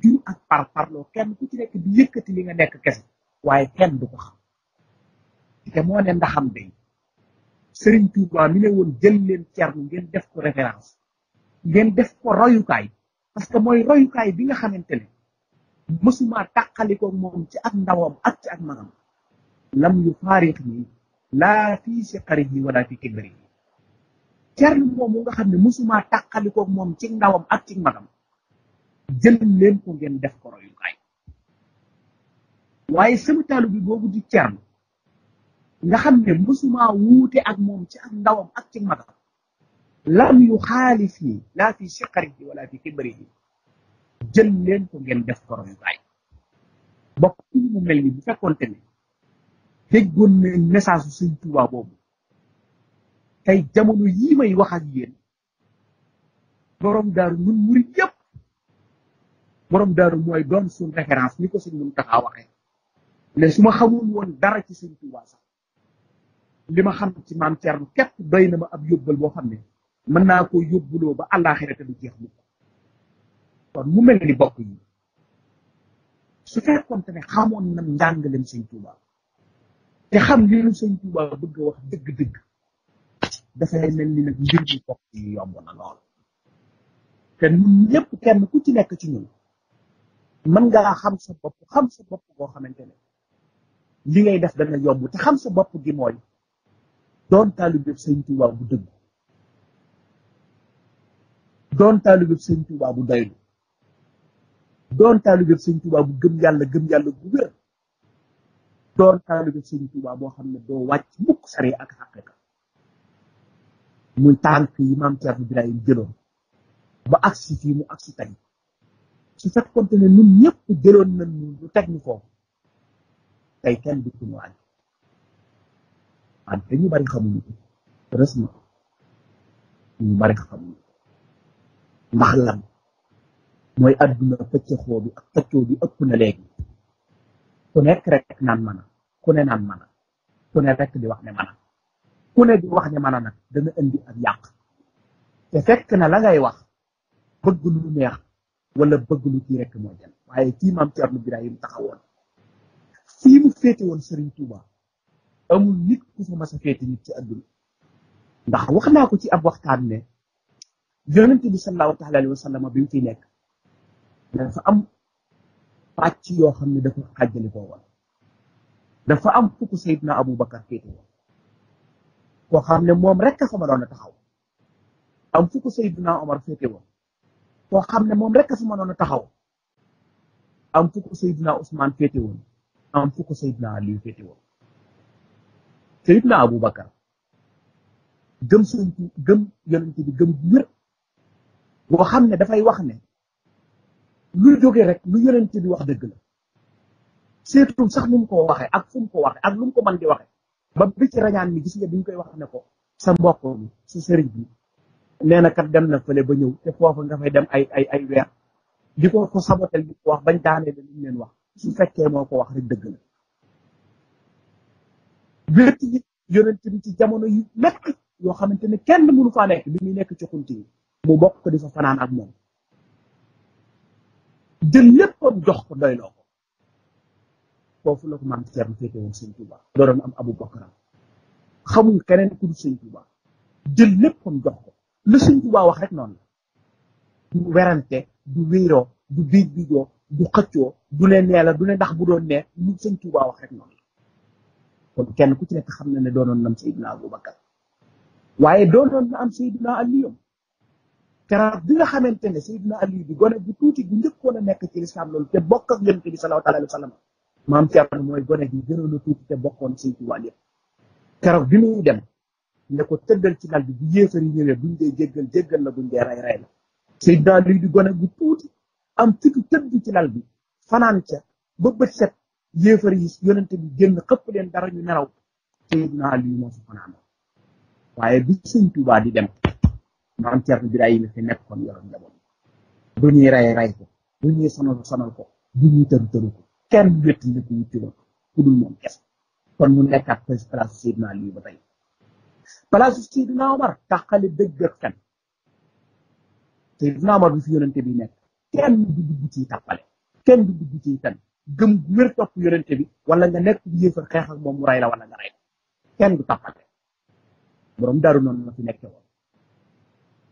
jur ak par parloo kenn ku ci nekk di yëkkati li nga nekk kese waaye kenn du ko xam te moo ne ndaxam day sëriñ Tuubaa mi ne woon jël leen cernu ngeen def ko référence ngeen def ko royukaay parce que mooy royukaay bi nga xamante ne mësuma tàqalikoog moom ci ak ndawam ak ci ak magam lam yu faarix nii laa fii siqarihi wala fii kibrihi cernu moom mu nga xam ne mësuma tàqalikoog moom ci ndawam ak ci magam jël leen ko ngeen def ko royukaay waaye sama taalu bi boobu di cernu nga xam ne mësuma wuute ak moom ci ak ndawam ak ci magam lam yu xaalif nii laa fii siqarihi wala fii kibrihi jël leen ko ngeen def borom baay bokk ci mel ni bu fekkoonte ne déggoon na message su Sëñ Tuubaa boobu tey jamono yii may wax ak yéen borom daaru ñun murit yëpp borom daaru mooy doon suñ référence ni ko Sëñ Muntaxa waxee ne su ma xamul woon dara ci Sëñ Tuubaa sax li ma xam ci maam Cerno képp doy na ma ab yóbbal boo xam ne mën naa koo yóbbuloo ba àllaaxira te du jeex mukk kon mu mel ni bokk yi su fekkonte ne xamoon na njàngaleem sëñ Tuuba te xam li nu sëñ Tuuba bëgg a wax dëgg-dëgg dafay mel ni nag mbir mi bokk yi yomb na lool te ñun ñëpp kenn ku ci nekk ci ñun man ngaa xam sa bopp xam sa bopp boo xamante ne li ngay def dana yomb te xam sa bopp gi mooy doon taalibeb sëñ Tuuba bu dëgg doon taalibeb sëñ Tuuba bu doylu doon taalibe sëñ Tuubaa bu gëm yàlla gëm yàlla bu wér doon taalibe sëñ Tuubaa boo xam ne doo wàcc mukk sare ak xaqiqa mu tànk yi maam Thierno Birahim jëloon ba agsi fii mu agsi tey su fekkoon ne ñun ñëpp jëloon nañ ñu teg ñu foofu tey kenn du ci ñu waaj wante ñu bari xamuñu ko heureusement ñu bari xamuñu ndax mooy adduna pëccëxoo bi bi ëpp na léegi ku nekk rek naan mana ku ne naan mana ku ne rek di wax ne mana ku ne di wax ne mana nag dana indi ak yàq te fekk na la ngay wax bëgg lu meex wala bëgg lu kii rek mooy dem waaye kii maam Thierno Birahim taxawoon fii mu féete woon Serigne Touba amul nit ku fa mas a nit ci adduna ndax wax naa ko ci ab waxtaan ne yonente bi sallallahu taala alayhi wa sallam bi mu fiy nekk dafa am pàcc yoo xam ne dafa xàjjali ko woon dafa am fukk Seydina Aboubacar féete woon koo xam ne moom rek a fa ma a taxaw am fukk Seydina Omar féete koo xam ne moom rek a fa ma a taxaw am fukk Seydina Ousmane féete woon am fukk Seydina Aliou féete woon Seydina Aboubacar gëm sëñ gëm yonent bi gëm bu xam ne dafay wax ne lu jóge rek lu yonent di wax dëgg la seetul sax nu mu ko waxee ak fu ko waxee ak lu ko mën di waxee ba bi ci rañaan mi gis nga bi ñu koy wax ne ko sa mbokk mi sa sëriñ bi nee na kat dem na fële ba ñëw te foofu nga dem ay ay ay weer di ko ko sabotel wax bañ daanee la liñ leen wax su fekkee moo ko wax rek dëgg la wéet yi yonent bi ci jamono yu nekk yoo xamante ne kenn mënu fa nekk bi muy nekk ci xunti yi mu bokk ko di fa fanaan ak moom jël léppam jox ko doy loo ko foofu la ko maam Cerno féete woon sëñ Tuuba doon am Abu Bakar xamuñ keneen ku dul sëñ Tuuba jël léppam jox ko la sëñ Tuuba wax rek noonu la du werante du wéeroo du biij biijoo du xëccoo du ne nee la du ne ndax bu doon nee lu sëñ Tuuba wax rek noonu la kon kenn ku ci nekk xam na ne doonoon na am Seydina Abubakar waaye doonoon na am Seydina Aliyum keroog bi nga xamante ne na Aliou bi gone bi tuuti bu njëkkoon a nekk ci lislaam loolu te bokk ak yonent bi sallallahu maam Thierno mooy gone gi gënoon a tuuti te bokkoon sëñ Tuubaa yëpp keroog bi muy dem ne ko tëddal ci dal bi bu yéefari ñëwee buñ dee jéggal jéggal la buñ dee rey la Seydina Aliou di gone ci lal bi fanaan ca ba bët set yéefar yi yonente bi génn xëpp leen dara ñu nelaw Seydina Aliou moo fa fanaan waaye bi sëñ Tuubaa di dem maam Thierno Birahim fi nekkoon yoroon njaboot bu ñuy rey rey ko bu ñuy sonal sonal ko bu ñuy tëru tëru ko kenn wétt li ko wuti woon ku ba tey place Seydina Omar taxale dëgg ak bi fi yonente bi nekk kenn du du dugg ciy gëm gu wér topp yonente bi wala nga nekk yéefar a ak moom mu rey la wala nga rey ko kenn du tàppale borom daru noonu la fi nekke woon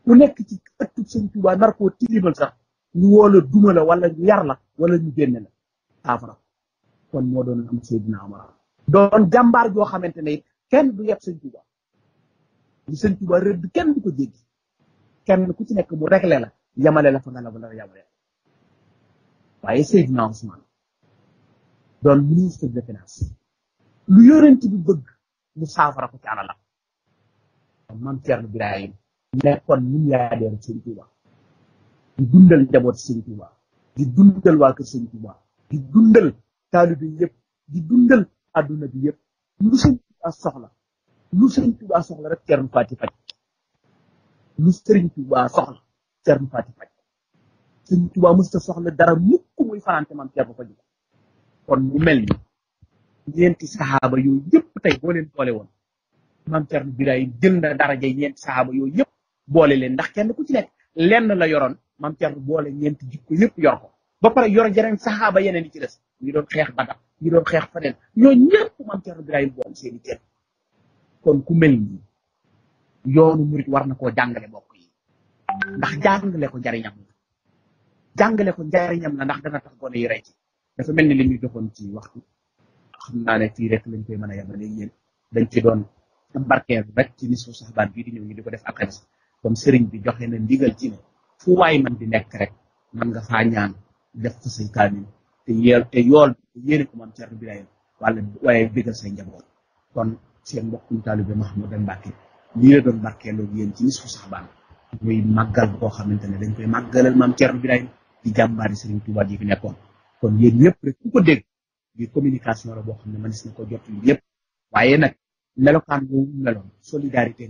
ku nekk ci ëttub sëñ Tuubaa nar koo tilimal sax ñu woo la la wala ñu yar la wala ñu génne la saafara kon moo doon am Seydina Omar doon jàmbaar joo xamante ne kenn du yeb sëñ kenn du kenn ku ci mu réglé la yamale la fa nga la ba la yamale waaye Seydina Ousmane doon ministre de finance lu yonent bi bëgg mu saafara ko ci alalam man Thierno Birahim nekkoon dem sëñ Touba di dundal njaboot sëñ Touba di dundal waa kër sëñ Touba di dundal taalibe yëpp di dundal aduna bi yëpp lu sëñ Touba soxla lu sëñ Touba soxla rek Thierno Fati fati lu sëriñ Touba soxla Thierno Fati fati sëñ Touba mës soxla dara mukk muy farante man Thierno faj ko kon mu mel ni ñeenti saxaaba yooyu yëpp tey boo leen boole woon maam Thierno Birahim jël na daraja ñeenti sahaba yooyu yëpp boole leen ndax kenn ku ci nekk lenn la yoroon maam Thierno boole ñeent jikko yëpp yor ko ba pare yor jeneen saxaaba yeneen yi ci des ñu doon xeex Badar ñu doon xeex faneen ñooñu ñëpp maam Thierno Birahim boole seen i cër kon yoonu murit war na koo jàngale bokk yi ndax jàngale ko njariñam la jàngale ko njariñam la ndax dana tax gone yi rey ci dafa mel ni li ñu doxoon ci waxtu xam naa ne fii rek lañ koy mën a yabal léegi yéen dañ ci doon embarquer rek ci nisu saxabaat bii di ñëw ñu di ko def alxames kon sering bi joxe na ndigal ci ne fu way man di nek rek man nga fa ñaan def ko sey kaamin te yel te yol yene ko man Cerno Birahim wala waye bigal sey njaboot kon seen talibé taalibe Mahamadou bakki lii la doon lo yeen ci nisfu saxbaan muy magal bo xamantene dañ koy magalal mam di jàmbaari serigne Touba di fi kon yeen ñëpp rek ku ko deg bi communication la bo xamne man manis na ko jot waye nak melokan bu melon solidarité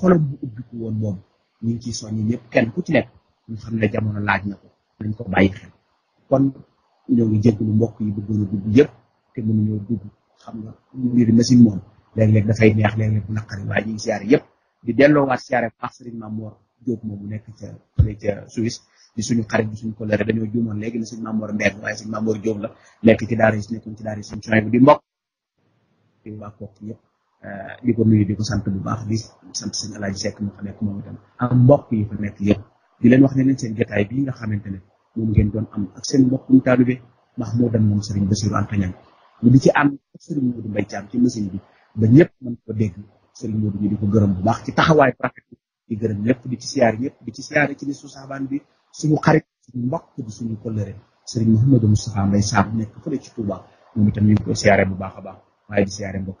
xolam bu ubbiku woon moom ñu ngi ciy soññi ñëpp kenn ku ci nekk ñu xam ne jamono laaj na ko nañ ko bàyyi xel kon ñoo ngi jégalu mbokk yi bëggoon a dugg yëpp te mënuñoo dugg xam nga mbir machine moom léeg-léeg dafay neex léeg-léeg bu ñu ngi siyaare yëpp di delloowaat siyaare bu baax sëriñ Mamoor Jóob moom mu nekk ca fële ca Suisse di suñu xarit di suñu collègue dañoo juumoon léegi ne suñu Mamoor Mbeeg waaye suñu Mamoor Jóob la nekk ci daara yi nekkoon ci daara yi suñu soñ di mbokk di waa kooku yëpp Eh, di ko nuyu di ko sant bu baax di sant sëñ alaaji sekk mu fa nekk moom itam ak mbokk yi fa nekk yëpp di leen wax ne leen seen jotaay bii nga xamante moom ngeen doon am ak seen mbokkum taalube mahmoudan moom sëriñ basiru mu di ci am ak sëriñ moodu mbay caam ci machine bi ba ñëpp mën ko dégg di ko gërëm bu baax ci taxawaay pratique di gërëm ñëpp di ci siyaar ñëpp di ci siyaar ci ni su saabaan bi suñu xarit suñu mbokk bi suñu kollëre sëriñ mouhamadou moustapha mbay saam nekk fële ci touba moom itam ñu ngi koy bu baax baax di siyaare mbokk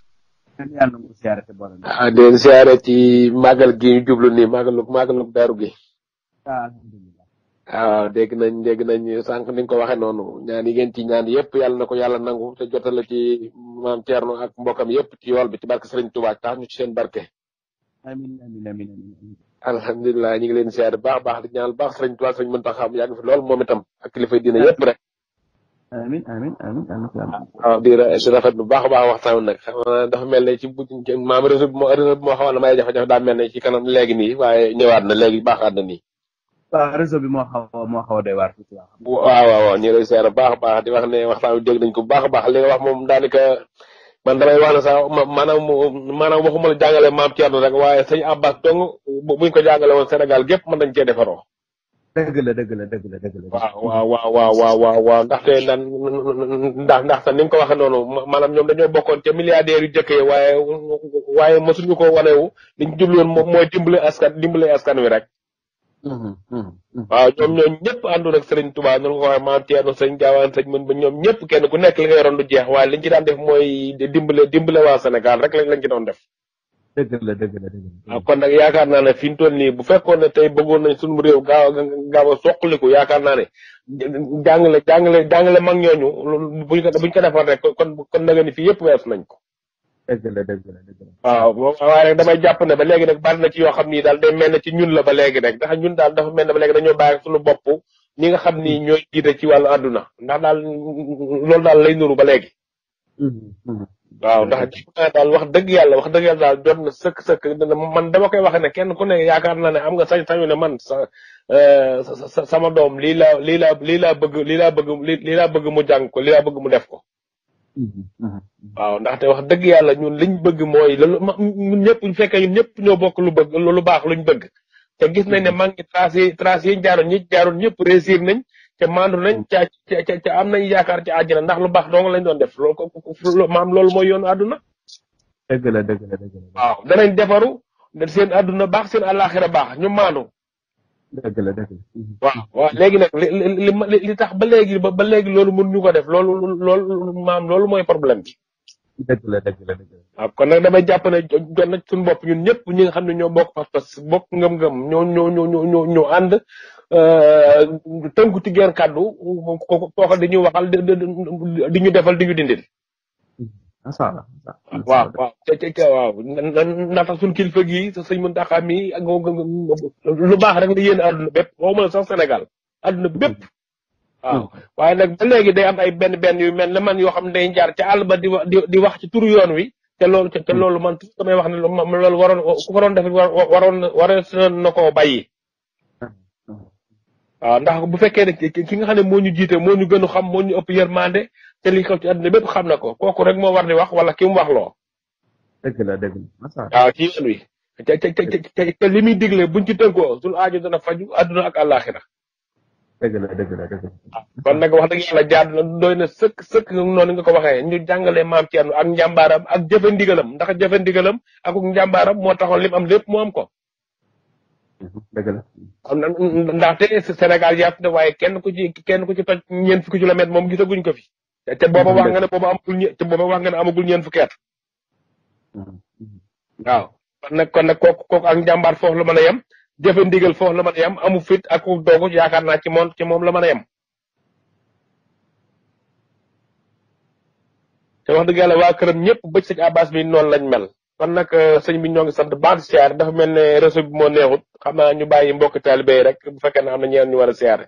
yàlla nangu siyaare ah den ci gi ñu jublu nii màggalu gi
ah, alhamdulillah
ah, nañ nañ ni ko waxe ñaan yi ci ñaan yépp nangu te ci ak mbokam amin amin amin amin alhamdulillah ñi ngi leen siyaare baax baax di ñaanal baax Serigne Touba Serigne Muntaxa mu yàgg fi lool momitam ak kilifa diina yépp ya, rek amiin amiin amiin waaw ah, di si rafet bu baax a baax waxtaan nag xam na dafa mel ne ci bu maam réseau bi moo moo xawoon na may jafe-jafe daa mel ne ci kanam léegi nii waaye ñëwaat na léegi baaxaat na nii.
waaw réseau bi moo xaw moo xaw a waar.
waaw waaw ñu lay seer baax a baax di wax ne waxtaan bi jeg nañ ko bu baax a baax li nga wax moom daanaka man damay wax ne sax maanaam maanaam waxuma la jàngale maam Thierno rek waaye sëñ Abbas dong buñ ko jàngale woon Sénégal gépp mën nañ cee defaroo. dëgg la dëgg la dëgg la dëgg la. waaw waaw waaw waaw waaw ndaxte nan ndax ndax sax ni nga ko waxee noonu maanaam ñoom dañoo bokkoon ca milliardaires yu jëkkee waaye waaye mosuñu ko wanewu li ñu jublu woon moom mooy dimbali askan dimbali askan wi rek.
Mm-hmm, mm-hmm.
waaw ñoom ñoom ñëpp àndoon ak Serigne Touba ñu ko waxee maam Thierno sëñ Gaawaan sëñ mën ba ñoom ñëpp kenn ku nekk li nga yoroon du jeex waaye liñ ci daan def mooy dimbale dimbale waa Sénégal rek lañ lañ ci doon def. dëgg la dëgg la dëgg la. Ah, kon nag yaakaar naa ne fi toll nii bu fekkoon ne tey bëggoon nañ suñu réew gaaw a gaaw a soqaliku yaakaar naa ne jàngale jàngale jàngale mag ñooñu buñ ko buñ ko defar rek kon kon nag ni fii yëpp weesu nañ ko.
dëgg la dëgg la dëgg
la. waaw waaye nag damay jàpp ne ba léegi rek bari na ci yoo xam ni daal day mel ne ci ñun la ba léegi rek ndax ñun daal dafa mel ne ba léegi dañoo bàyyi suñu bopp ñi nga xam ni ñooy jiite ci wàllu àdduna ndax daal loolu daal lay nuru ba léegi. Mm-hmm. waaw ndax daal wax dëgg yàlla wax dëgg yàlla daal jot na sëkk sëkk man dama koy wax ne kenn ku ne yaakaar naa ne am nga sañ sañu ne man euh, sa sama doom lii laa lii laa lii laa bëgg lii laa bëgg lii laa bëgg mu jàng ko lii bëgg mu def ko
mm-hmm. Mm-hmm.
waaw ndaxte wax dëgg yàlla ñun liñ bëgg mooy loolu ñun ñëpp ñu fekkee ñëpp ñoo bokk lu bëgg lu baax luñ bëgg te gis nañ ne maa ngi tracé tracé yi ñu ñi jaaroon ñëpp réussir nañ te mandu nañ ci ci ci am nañ yaakar ci àjjana ndax lu baax dong lañ doon def lol ko maam lol mooy yoonu aduna deug la deug la deug la waaw danañ defaru seen aduna bax seen alakhira bax ñu mandu deug la deug la waaw waaw legi nak li tax ba legi ba legi léegi loolu ñu ko def loolu loolu maam loolu moy problème bi deug la deug la deug la waaw kon nak dama japp ne jot suñu bop ñun ñepp ñi nga xam ñoo bokk pas bok ngam ngam ngëm ñoo ñoo ñoo ñoo ñoo Euh, tënku ci genn kàddu koo xam ñuy waxal di ñu defal di ñu dindil.
macha allah. waaw
waaw ca waaw ndax suñu kilifa gii sëñ ak lu baax rek la yéen àdduna bépp waxuma la sax Sénégal àdduna waaw hmm. waaye nag ba léegi day am ay benn benn yu mel ne man yoo xam ne day jaar ca àll ba di di wax ci turu yoon wi. te loolu te hmm. loolu man damay wax ne loolu waroon ku ko doon def waroon waroon na koo bàyyi. waaw ndax bu fekkee ne ki nga xam ne moo ñu jiite moo ñu gën a xam moo ñu ëpp yërmande te li xew ci àdduna bépp xam na ko kooku rek moo war di wax wala ki mu wax loo. dëgg la dëgg la. waaw ci yoon wi. te te te te li muy bu buñ ci tënkoo suñu aajo dana faju àdduna ak àllaaxira. dëgg la nag wax dëgg yàlla jaadu na doy na sëkk sëkk noonu nga ko waxee ñu jàngalee maam Thierno ak njàmbaaram ak jëfe ndigalam ndax jëfe ndigalam ak njàmbaaram moo taxoon lim am lépp mu am ko. deug la ndaxte sénégal yaat na waaye kenn ku ci kenn ku ci toj ñeen fukki kilomètre moom gisaguñ ko fi te booba wax nga ne booba amagul te booba wax nga ne amagul ñeen fukki at mm-hmm. waaw kon nag kon nag kooku kooku ak njàmbaar foofu la mën a yem jëfe ndigal foofu la mën a yem amu fit ak doogu yaakaar naa ci moom ci moom la mën a yem te wax dëgg yàlla waa këram ñëpp bëj sëñ abbas bi noonu lañ mel kon nak señ bi ñoo sant baax siyaar dafa melni ne mo neexut xamna ñu bayyi mbokk talibé rek bu fekkee ne am ñeen ñu wara a siyaare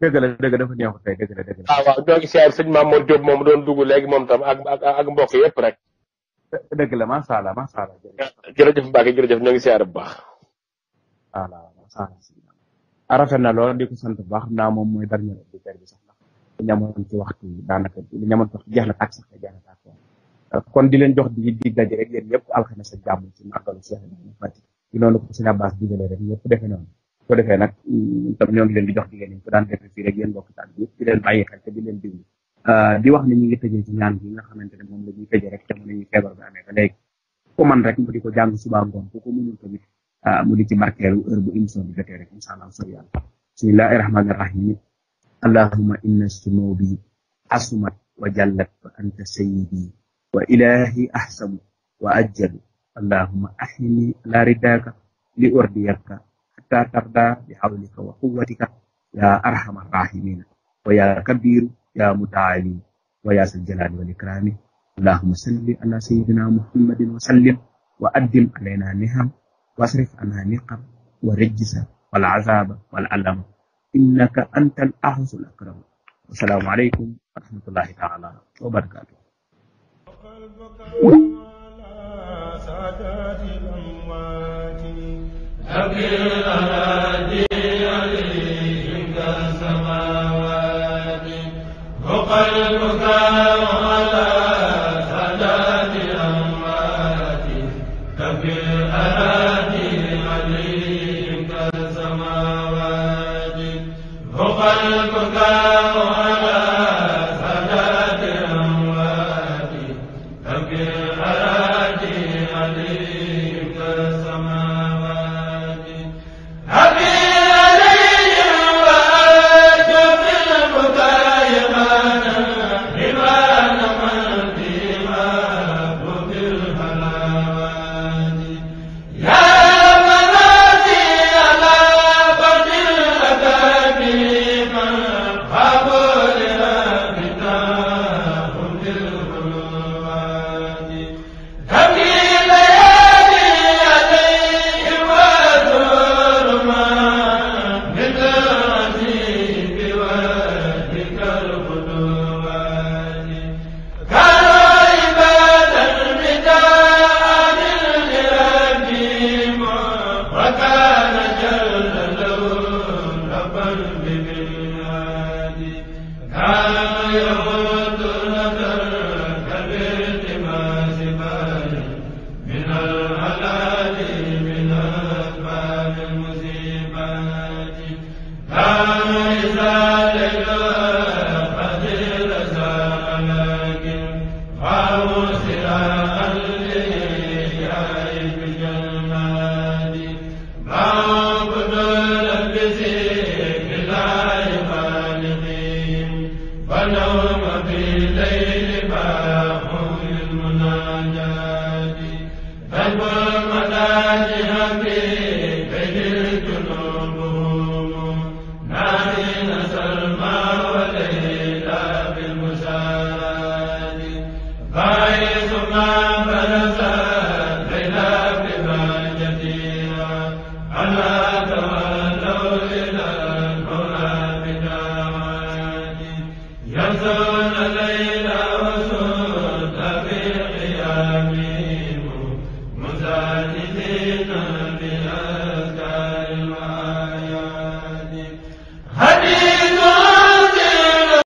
la dëgg dafa neexut tay dëgg la dëgg la ah, waaw do ngi siyaar señ Mamour Diop mom doon duggu léegi mom tam ak ak ak mbokk yépp rek dëgg la ma sha allah ma sha allah jëf Mbacke jërëjëf jëf ngi siyaare bu baax
ah, ma sha allah ah, rafet na lool di ko sant baax na mom moy mooy dernier auditeur bi sax ndax ñamoon ci waxtu daanaka ñamoon ci jeex la tax sax jeex la tax kon di leen jox di di daje rek yéen ñëpp alxames ak jàmm ci màggalu Cheikh Ibrahima Fati ci noonu ko sëñ Abbas digalee rek ñëpp defee defee nag mm, tam ñoo ngi leen di jox digéen ñu ko daan defee fii rek yéen mbokk taal bi di leen bàyyi xel ah, di wax ne ñu ngi tëjee ci ñaan bi nga
xamante ne moom la ñuy tëjee rek jamono yi feebar bi
amee ba léegi ku man rek mu di ko jàng suba ngoon ku ko mënul tamit ah, mu di ci barkeelu heure bu émission bi jotee rek incha allah soo yàlla bismillahi rahmani rahim allahuma inna sunubi asumat wa jallat wa anta sayyidi وإلهي أحسن وأجل اللهم أحيني لا رداك لأرديك حتى ترضى بحولك وقوتك يا أرحم الراحمين ويا كبير يا متعالي ويا ذا الجلال والإكرام اللهم صل على سيدنا محمد وسلم وأدم علينا نهم واصرف عنا نقم ورجس والعذاب والألم إنك أنت الأعز الأكرم والسلام عليكم
ورحمة الله تعالى وبركاته
قلبك